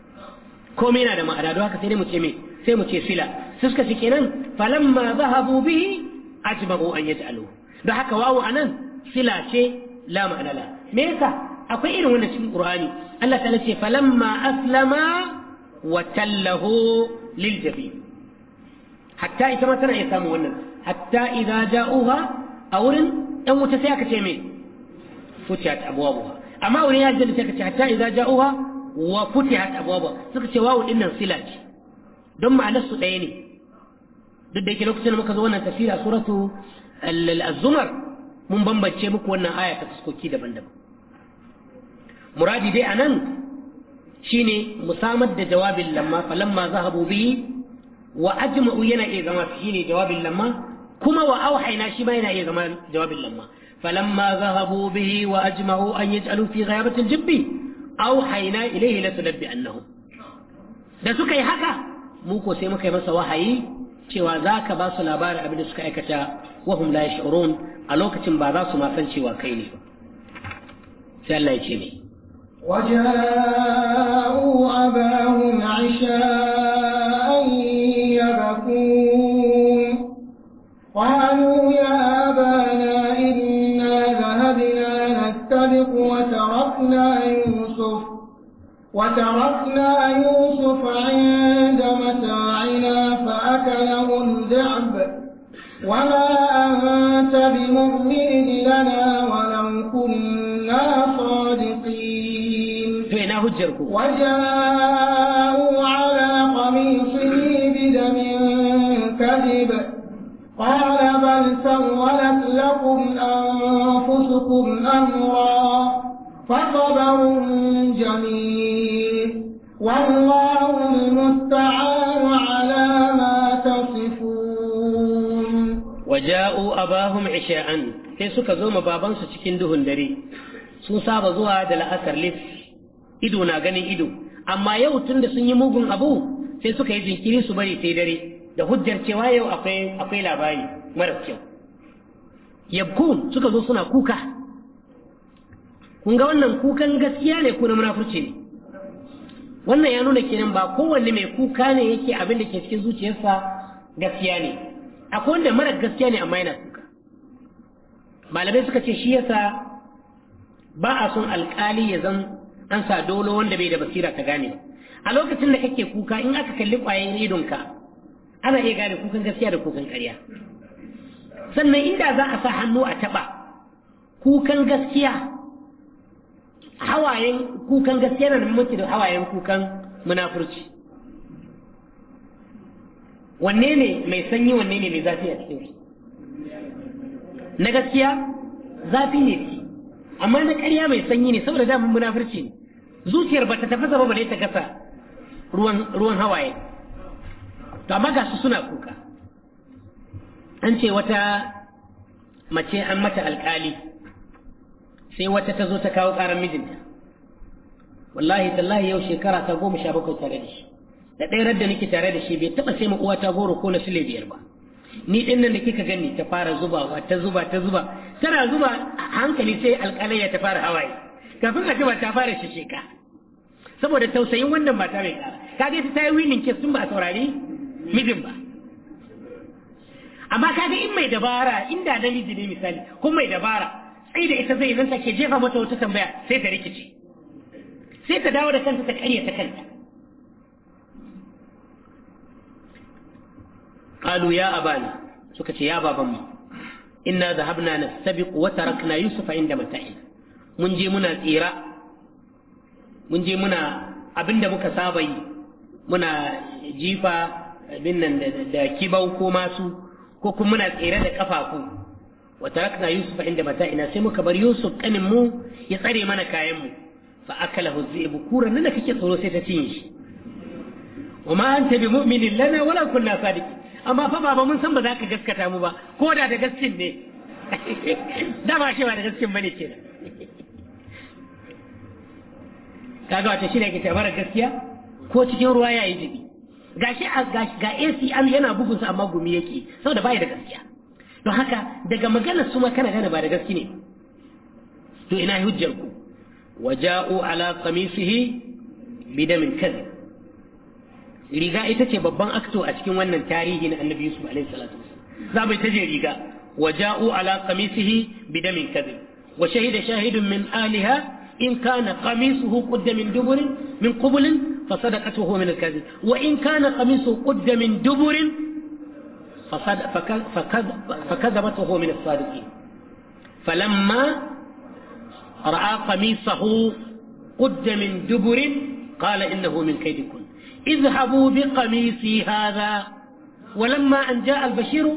Speaker 1: komai yana da ma'ana don haka sai dai mu ce me sai mu ce sila sai suka ce kenan falamma zahabu bihi ajma'u an yaj'alu don haka wawu anan sila ce la ma'ana la me yasa akwai irin wannan cikin qur'ani Allah ta ce falamma aslama wa tallahu lil hatta ita ma tana iya samu wannan hatta idza ja'uha a wurin ɗan wuta sai aka ce me futihat abwabuha amma wurin ya aljanna sai aka ce hatta idza ja'uha wa futihat abwabuha suka ce wawu dinnan sila ce don ma'anar su ɗaya ne duk da yake lokacin da muka zo wannan tafiya suratu al azumar, mun bambance muku wannan aya ta fuskoki daban-daban muradi dai anan shine musamar da jawabin lamma falamma zahabu bihi wa ajma'u yana iya zama shine jawabin lamma kuma wa auhaina shi ma yana iya zama jawabin lamma falamma zahabu bihi wa ajma'u an yaj'alu fi ghayabati jibbi Auhayna ilayhi la annahum da suka yi haka mu ko sai muka yi masa wahayi cewa za ka ba su labarin abin da suka aikata wahum la yash'urun a lokacin ba za su ma san cewa kai ne ba sai Allah ya ce ni.
Speaker 2: وجاءوا أباهم عشاء قالوا يا أبانا إنا ذهبنا نستبق وتركنا يوسف وتركنا يوسف عند متاعنا فأكله الذعب وما أنت بمؤمن لنا ولو كنا صادقين وجاءوا قال بل سولت لكم أنفسكم أمرا فصبر جميل والله المستعان على ما تصفون
Speaker 1: وجاءوا أباهم عشاء sai suka zo ma babansu cikin duhun dare sun saba zuwa da la'asar lif ido na ganin ido amma yau tun da sun yi mugun abu sai suka yi jinkiri su bari sai dare da hujjar cewa yau akwai labari mara kyau yabkun suka zo suna kuka kun ga wannan kukan gaskiya ne ko na munafurci ne wannan ya nuna kenan ba kowanne mai kuka ne yake abin da ke cikin zuciyarsa gaskiya ne akwai wanda mara gaskiya ne amma yana kuka malamai suka ce shi yasa ba a son alkali ya zan an sa dolo wanda bai da basira ka gane a lokacin da kake kuka in aka kalli kwayoyin idonka ana iya gane kukan gaskiya da kukan ƙarya sannan inda za a sa hannu a taɓa kukan gaskiya hawayen kukan gaskiya na mace da hawayen kukan munafurci wanne ne mai sanyi wanne ne mai zafi a cikin na gaskiya zafi ne ci amma na ƙarya mai sanyi ne saboda zafin munafurci ne zuciyar ba ta tafasa ba bale ta gasa ruwan hawaye to amma ga su suna kuka an ce wata mace an mata alkali sai wata ta zo ta kawo karar mijinta wallahi tallahi yau shekara ta goma sha bakwai tare da shi da ɗaya da nake tare da shi bai taɓa sai uwa ta goro ko na sule biyar ba ni ɗin nan da kika gani ta fara zubawa ta zuba ta zuba tana zuba hankali sai alƙalai ya ta fara hawaye kafin a ba ta fara shi sheka. saboda tausayin wannan mata mai ƙara kaga ta yi winning kes tun ba a saurari mijin ba amma kaga in mai dabara inda namiji ne misali ko mai dabara sai da ita zai zanta ke jefa mata wata tambaya sai ta rikice sai ta dawo da kanta ta karya ta kanta qalu ya abana suka ce ya baban mu inna dhahabna nastabiq wa tarakna yusufa inda mata'ina mun je muna tsira mun je muna abinda muka saba yi muna jifa abin nan da kibau ko masu ko kuma muna tsere da kafafu wa tarakna yusuf inda mata'ina sai muka bar yusuf kanin mu ya tsare mana kayan mu fa akalahu dhi'bu kuran nan kake tsoro sai ta cinye shi wa ma anta bi mu'minin lana wala kunna sadiqi amma fa baba mun san ba za ka gaskata mu ba ko da da gaskin ne da ba shi ba da gaskin bane kenan kaga wace shi ne ke tabar gaskiya ko cikin ruwa yayi jibi gashi ga ACM yana bugun sa amma gumi yake saboda baya da gaskiya don haka daga maganar su ma kana gane ba da gaske ne to ina hujjar ku waja'u ala qamisihi bidamin kadhib riga ita ce babban akto a cikin wannan tarihi na annabi yusuf alaihi salatu za mu ta je riga waja'u ala qamisihi bidamin kadhib wa shahida shahidun min aliha إن كان قميصه قد من دبر من قبل فصدقت وهو من الكاذب وإن كان قميصه قد من دبر فكذبته هو فكذبت وهو من الصادقين فلما رأى قميصه قد من دبر قال إنه من كيدكم اذهبوا بقميصي هذا ولما أن جاء البشير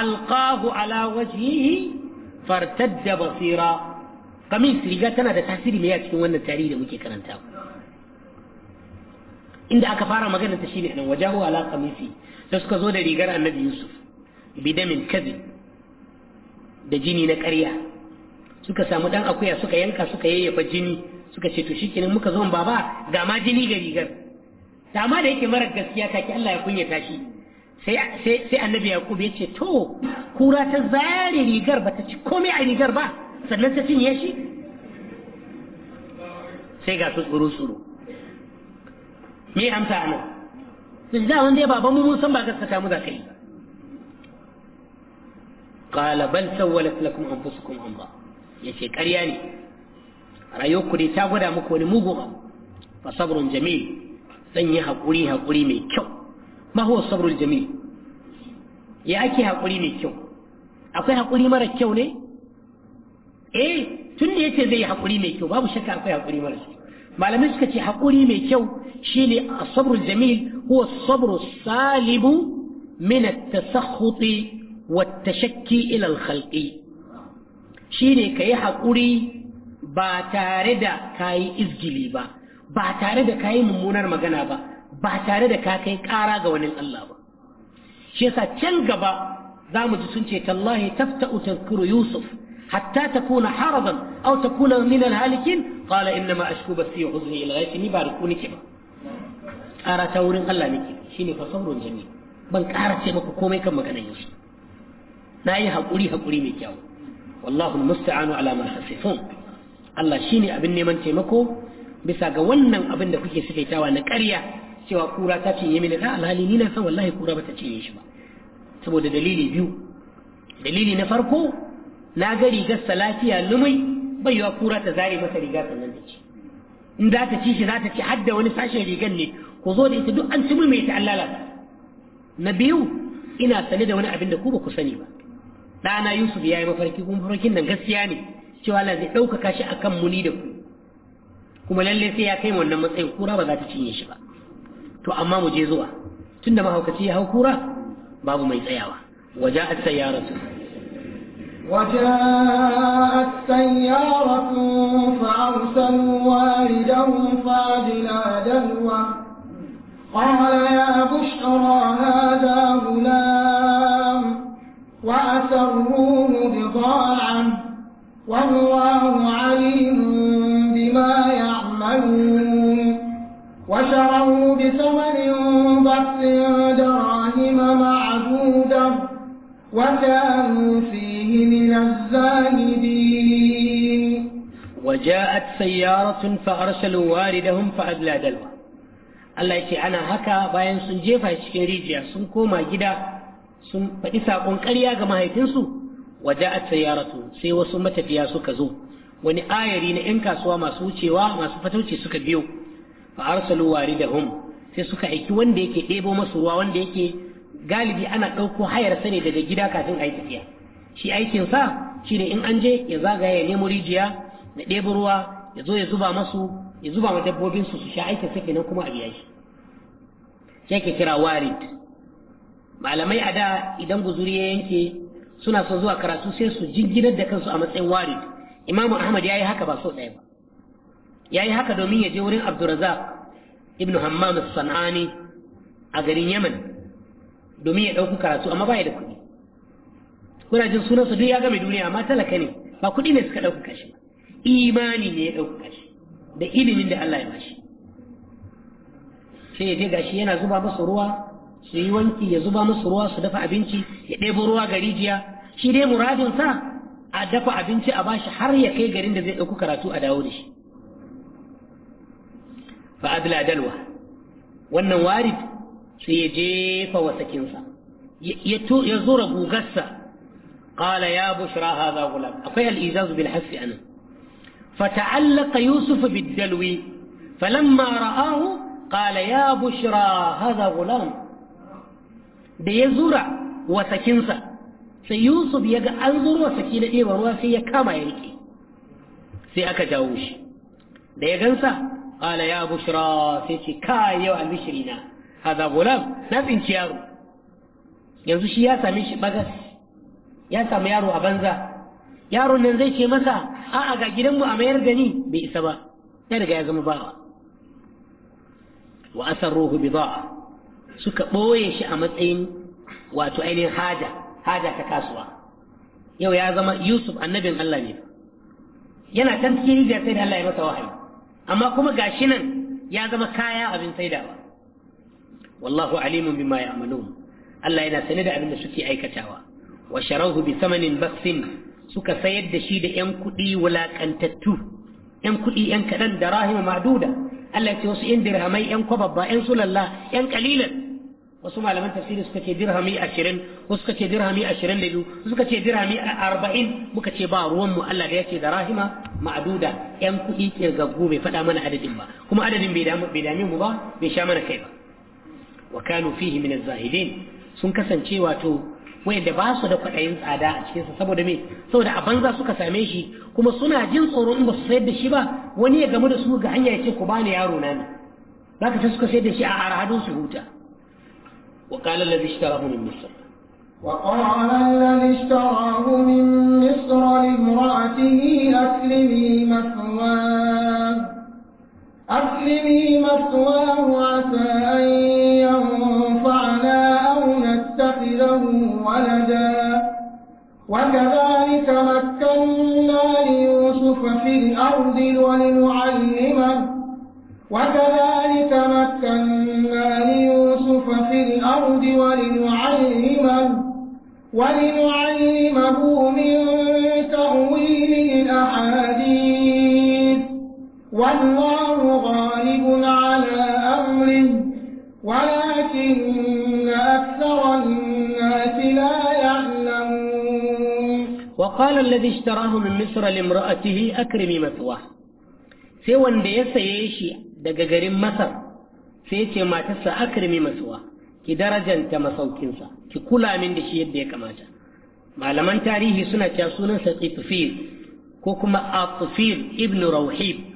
Speaker 1: ألقاه على وجهه فارتد بصيرا kamis riga tana da tasiri mai a cikin wannan tarihi da muke karanta inda aka fara magana ta shine nan wajahu ala kamisi da suka zo da rigar annabi yusuf bidamin kazi da jini na ƙarya suka samu dan akuya suka yanka suka yayyafa jini suka ce to shikenan muka zo baba ga ma jini ga rigar dama da yake marar gaskiya ta ki Allah ya kunya tashi. sai annabi yaqub ya ce to kura ta zare rigar bata ci komai a rigar ba sannan ta cinye shi sai ga su tsoro tsoro me amsa a nan sun da wanda ya ba mu mun san ba gaskata mu za ka yi Kala bal sawwalat lakum anfusukum amra yace ƙarya ne rayuwarku dai ta gwada muku wani mugun abu fa sabrun Jami, zan yi haƙuri haƙuri mai kyau ma huwa sabrul ya ake haƙuri mai kyau akwai haƙuri mara kyau ne eh tun da yace zai yi haƙuri mai kyau babu shakka akwai haƙuri mara kyau malamai suka ce haƙuri mai kyau shine as-sabru jamil huwa as-sabru salibu min at-tasakhut wa at-tashakki ila al-khalqi shine kai haƙuri ba tare da kayi izgili ba ba tare da kayi mummunar magana ba ba tare da ka kai ƙara ga wani Allah ba shi yasa can gaba za mu ji sun ce tallahi tafta'u tazkuru yusuf hatta takuna haradan aw takuna min alhalikin qala innama ashku basi huzni ila ghayri ni ba ruku nake ba
Speaker 2: ƙara ta wurin Allah
Speaker 1: nake shine fa sabrun jami ban ƙara ce komai kan magana yau na yi hakuri haƙuri mai kyau wallahu musta'anu ala ma tasifun Allah shine abin neman taimako bisa ga wannan abin da kuke sifaitawa na karya. cewa kura ta cinye mini da alhali ni na san wallahi kura bata cinye shi ba saboda dalili biyu dalili na farko na ga rigarsa lafiya lumai bai yiwa kura ta zare masa riga sannan da ci in za ta ci shi za ta ci har da wani sashen rigar ne ku zo da ita duk an ci mai ta allala na biyu ina sane da wani abin da ku ba ku sani ba ɗana yusuf ya yi mafarki kuma mafarkin nan gaskiya ne cewa Allah zai ɗaukaka shi akan muni da ku kuma lalle sai ya kai wannan matsayin kura ba za ta cinye shi ba to amma mu je zuwa tunda mahaukaci ya hau kura babu mai tsayawa waja ya rasu.
Speaker 2: وجاءت سيارة فأرسلوا والدهم فعجلا دلوه قال يا بشرى هذا غلام وأسروه بضاعة والله عليم بما يعملون وشروا بثمن بخس دراهم معدوده وكانوا فيه من الزاهدين
Speaker 1: وجاءت سيارة فأرسلوا واردهم فأدلى دلوى الله يكي أنا هكا باين سنجيفا يشكين ريجيا سنكو ما جدا سن فإسا قن قريا كما هي تنسو وجاءت سيارة سيوا سمة فيها سكزو وني آيرين إنكا سوا ما سوچي ما سفتوچي سكا بيو فأرسلوا واردهم سي سكا وان ديكي إيبو مسوا وان ديكي galibi ana ɗauko hayar sa ne daga gida kafin a yi tafiya shi aikin sa shine in an je ya zagaya ya nemo rijiya na ɗebo ruwa ya zo ya zuba masu ya zuba ma dabbobin su su sha aikin sa kenan kuma a biya shi shi ake kira warid malamai a da idan guzuri ya yanke suna son zuwa karatu sai su jinginar da kansu a matsayin warid imamu ahmad ya yi haka ba so ɗaya ba ya yi haka domin ya je wurin abdurazak ibnu hammam sanani a garin yaman domin ya ɗauku karatu amma ba ya da kuɗi kuna jin sunansa duk ya game duniya amma talaka ne ba kuɗi ne suka ɗauka kashi ba imani ne ya ɗauka kashi da ilimin da Allah ya bashi sai ya je gashi yana zuba masa ruwa su yi wanki ya zuba musu ruwa su dafa abinci ya ɗebo ruwa ga rijiya shi dai muradinsa a dafa abinci a bashi har ya kai garin da zai ɗauki karatu a dawo da shi Ba adla dalwa wannan warid في جيف jefa يزور sakinsa قال يا بشرى هذا غلام أقوى الإيجاز بالحس أنا فتعلق يوسف بالدلو فلما رآه قال يا بشرى هذا غلام بيزور وسكنسا سيوسف يقع أنظر وسكين إيه ورواسي كما يلقي سيأكا جاوش da قال يا بشرى ya كاي يوعى بشرينا haza gulam na tsinci yaro yanzu shi ya sami shi bagas ya sami yaro a banza yaron nan zai ce masa a'a ga gidanmu a mayar da ni bai isa ba ya riga ya zama bawa wa bi bida'a suka ɓoye shi a matsayin wato ainihin haja haja ta kasuwa yau ya zama yusuf annabin allah ne yana kan cikin da sai da allah ya masa wahayi amma kuma gashi nan ya zama kaya abin saidawa wallahu alimun bima ya'malun Allah yana sane da abin da suke aikatawa wa sharawhu bi thamanin basin suka sayar da shi da yan kuɗi wulakantattu yan kuɗi yan kaɗan da rahima maduda Allah ce wasu yan dirhamai yan kwababba yan sulalla yan kalilan wasu malaman tafsiri suka ce dirhami ashirin wasu suka ce dirhami ashirin da biyu suka ce dirhami arba'in muka ce ba ruwanmu Allah da ce da rahima ma'aduda yan kuɗi ƙirgaggu bai faɗa mana adadin ba kuma adadin bai dame mu ba bai sha mana kai ba wa kanu fihi min az-zahidin sun kasance wato wayanda ba su da fadayin tsada a cikin sa saboda me saboda a banza suka same shi kuma suna jin tsoro in ba su sayar da shi ba wani ya gamu da su ga hanya ya ku bani yaro na ne zaka ta suka sayar da shi a arhadun su huta wa qala
Speaker 2: alladhi ishtarahu min misr wa qala alladhi ishtarahu min misr li imra'atihi أسلمي مثواه عسى أن ينفعنا أو نتخذه ولدا وكذلك مكنا ليوسف في الأرض ولنعلمه وكذلك مكنا ليوسف في الأرض ولنعلمه ولنعلمه من تأويل الأحاديث والله غالب على أمره ولكن أكثر الناس لا يعلمون وقال الذي
Speaker 1: اشتراه من مصر لامرأته أكرمي مثواه sai wanda ya saye shi daga garin masar sai ce matarsa akrimi masuwa ki darajanta masaukinsa ki kula min da shi yadda ya kamata malaman tarihi suna cewa sunansa tsifil ko kuma atfil ibn rauhib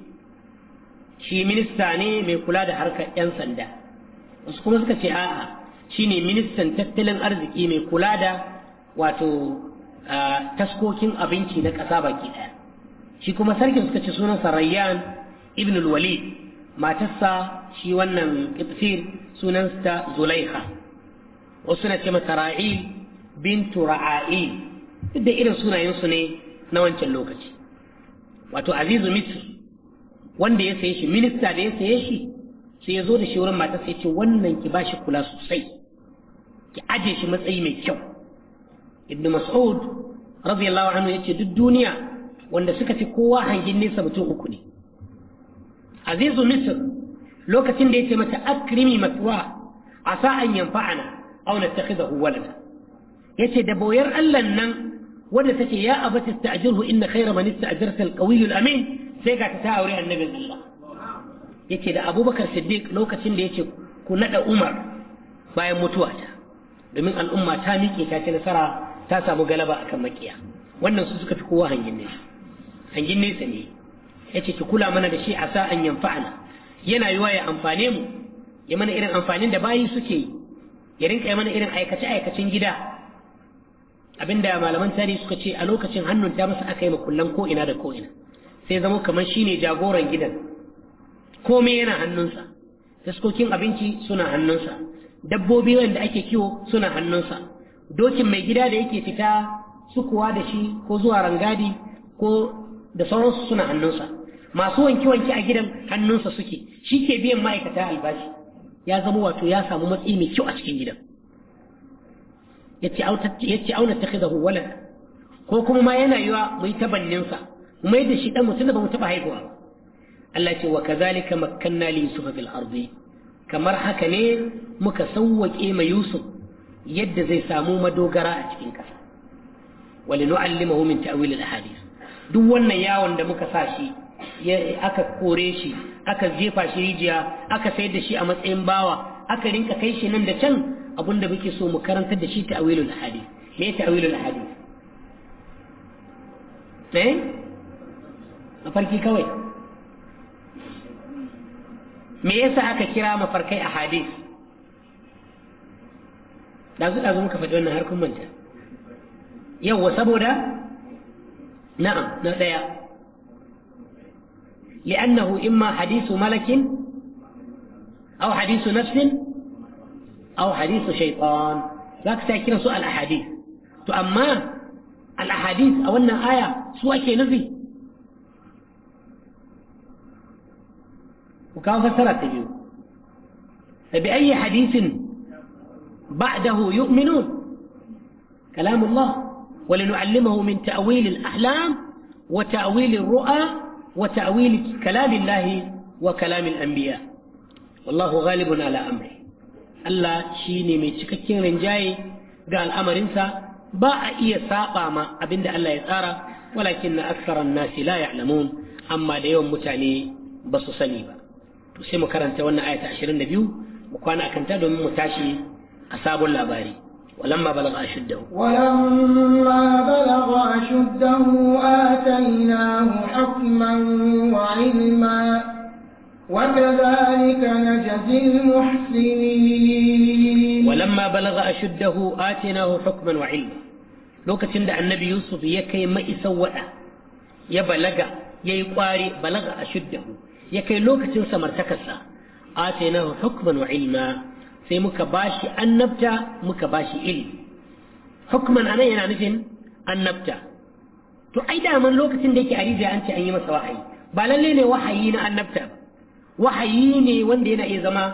Speaker 1: shi minista ne mai kula da harkar 'yan sanda wasu kuma suka ce a'a shi ne ministan tattalin arziki mai kula da wato taskokin abinci na ƙasa baki ɗaya shi kuma sarkin suka ce sunan sarayyan ibn walid matarsa shi wannan Sunan sunansa zulaiha wasu na ce mata ra'il bintu ra'a'i duk da irin sunayensu ne na wancan lokaci wato azizu misr wanda ya saye shi minista da ya saye shi sai ya zo da shi wurin matarsa sai ce wannan ki ba shi kula sosai ki aje shi matsayi mai kyau ibnu mas'ud radiyallahu anhu ce duk duniya wanda suka fi kowa hangin nesa mutum uku ne azizu misr lokacin da ya ce mata akrimi matwa asa an yanfa'ana aw nattakhidahu walada yace da boyar allan nan wanda take ya abati ta'jirhu inna kaira manista a al amin sai ga ta aure annabin Allah yake da Abubakar Siddiq lokacin da yake ku nada Umar bayan mutuwa ta domin al'umma ta miƙe ta ci nasara ta samu galaba akan makiya wannan su suka fi kowa hangin nesa hangin nesa ne ce ki kula mana da shi a sa'an yanfa'ana yana yiwa ya amfane mu ya mana irin amfanin da bayi suke yi ya rinka mana irin aikace aikacin gida abinda malaman tarihi suka ce a lokacin hannun ta masa aka yi ma kullum ko ina da ko ina sai zama kamar shi ne jagoran gidan komai yana hannunsa taskokin abinci suna hannunsa dabbobi wanda ake kiwo suna hannunsa dokin mai gida da yake fita su kuwa da shi ko zuwa rangadi ko da sauransu suna hannunsa masu wanke-wanke a gidan hannunsa suke shi ke biyan ma'aikata albashi ya zama wato ya samu matsi mai kyau a cikin gidan yace auna ta ko kuma ma yana yiwa ta banninsa. mai da shi ɗan mutum da ba mu haihuwa Allah ce wa kazalika makkanna li yusufa fil ardi kamar haka ne muka sawwaƙe ma yusuf yadda zai samu madogara a cikin kasa walinu'allimahu min ta'wil al ahadith duk wannan yawon da muka sa shi aka kore shi aka jefa shi rijiya aka sayar da shi a matsayin bawa aka rinka kai shi nan da can abinda muke so mu karantar da shi ta'wilul hadith me ta'wilul hadith eh mafarki kawai me yasa aka kira mafarkai a hadis ɗazu ɗazu muka faɗi wannan harkun manta yawwa saboda na'am na ɗaya لأنه إما حديث ملك أو حديث نفس أو حديث شيطان ذاك ساكن To amma تأما الأحاديث أو أن آية سوى شيء نفي وكان فسرت اليوم فبأي حديث بعده يؤمنون كلام الله ولنعلمه من تأويل الأحلام وتأويل الرؤى وتأويل كلام الله وكلام الأنبياء والله غالب على أمره الله شيني من شككين رنجاي قال أمر إنسى باع إيا ساقا ما أبند الله يسارى ولكن أكثر الناس لا يعلمون أما ليوم متعني بصصني با to sai mu karanta wannan aya ta 22 mu kwana akan ta domin mu tashi a sabon labari ولما بلغ أشده
Speaker 2: ولما بلغ أشده آتيناه حكما وعلما وكذلك نجزي المحسنين ولما
Speaker 1: بلغ أشده آتيناه حكما وعلما lokacin da annabi yusuf ya kai ma'isan wada ya balaga ya yi kwari balaga a shuddahu ya kai lokacin samartakarsa atainahu hukman wa ilma sai muka bashi annabta muka bashi ilmi hukman anan yana nufin annabta to ai daman lokacin da yake arija an ce an yi masa wahayi ba lalle ne wahayi na annabta ba wahayi ne wanda yana iya zama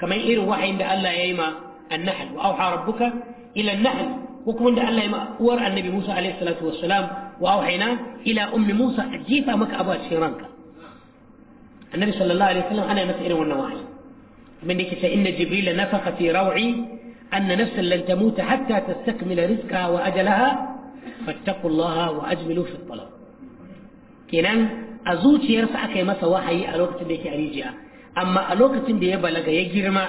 Speaker 1: kamar irin wahayin da Allah ya yi ma annahl wa auha rabbuka ila annahl ko kuma da Allah ya ma uwar annabi Musa alaihi salatu wassalam wa auhayna ila ummi Musa ajifa maka abu a cikin ranka annabi sallallahu alaihi wasallam ana masa irin wannan wahayi abin da yake cewa inna jibrila nafakha fi raw'i anna nafsan lan tamuta hatta tastakmila riska wa ajalaha fattaqullaha wa ajmilu fi kenan a zuciyarsa aka yi masa wahayi a lokacin da yake a rijiya amma a lokacin da ya balaga ya girma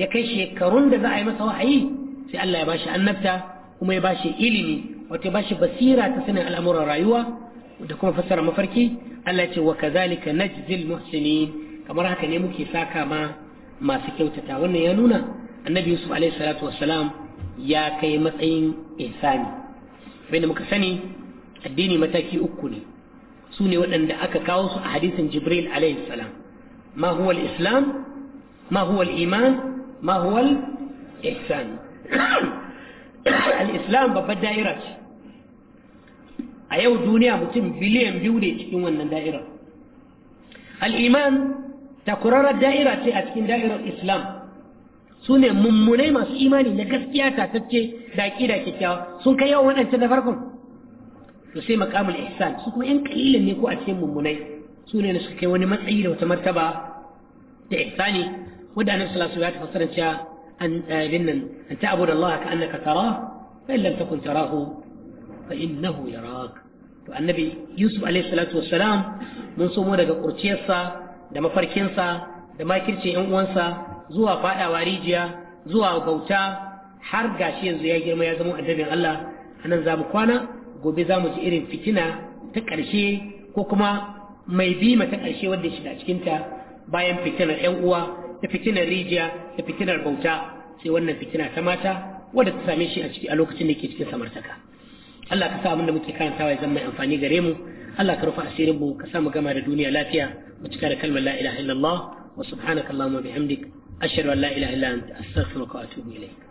Speaker 1: ya kai shekarun da za a yi masa wahayi sai Allah ya bashi annabta kuma ya bashi ilimi wato ya bashi basira ta sanin al'amuran rayuwa da kuma fassara mafarki Allah ce wa kazalika najzil muhsinin kamar haka ne muke saka ma masu kyautata wannan ya nuna annabi yusuf alaihi salatu wassalam ya kai matsayin ihsani bai da muka sani addini mataki uku ne su ne waɗanda aka kawo su a hadisin jibril alaihi salam ma huwa islam ma huwa iman ma huwa ihsan al-islam babbar da'ira ce a yau duniya mutum biliyan biyu ne cikin wannan da'irar al'iman takurarar da'ira ce a cikin da'irar islam su ne mummunai masu imani na gaskiya tatacce da aƙida kyakkyawa sun kai yawan waɗancan da farkon to sai makamul ihsan su kuma yan kalilan ne ko a cikin mummunai su ne suka kai wani matsayi da wata martaba da ihsani wanda annabi sallallahu alaihi wasallam ya tafassarar cewa an eh, binnan an ta'budu ka annaka tarahu fa lam takun tarahu فإنه يراك فالنبي يوسف عليه الصلاة والسلام من سمو daga ƙurciyarsa, da mafarkinsa da makircin yan uwansa zuwa faɗawa rijiya zuwa bauta har gashi yanzu ya girma ya zama addadin Allah anan zamu kwana gobe zamu ji irin fitina ta ƙarshe ko kuma mai bima ta ƙarshe wanda shiga cikin ta bayan fitinar yan uwa da fitinar rijiya da fitinar bauta sai wannan fitina ta mata wadda ta same shi a lokacin da ke cikin samartaka Allah ka sa abin da muke karantawa ya zama amfani gare mu Allah ka rufa asirin mu ka sa mu gama da duniya lafiya mu cika da kalmar la ilaha illallah
Speaker 2: wa subhanaka allahumma bihamdik ashhadu an la ilaha illa anta astaghfiruka wa atubu ilayk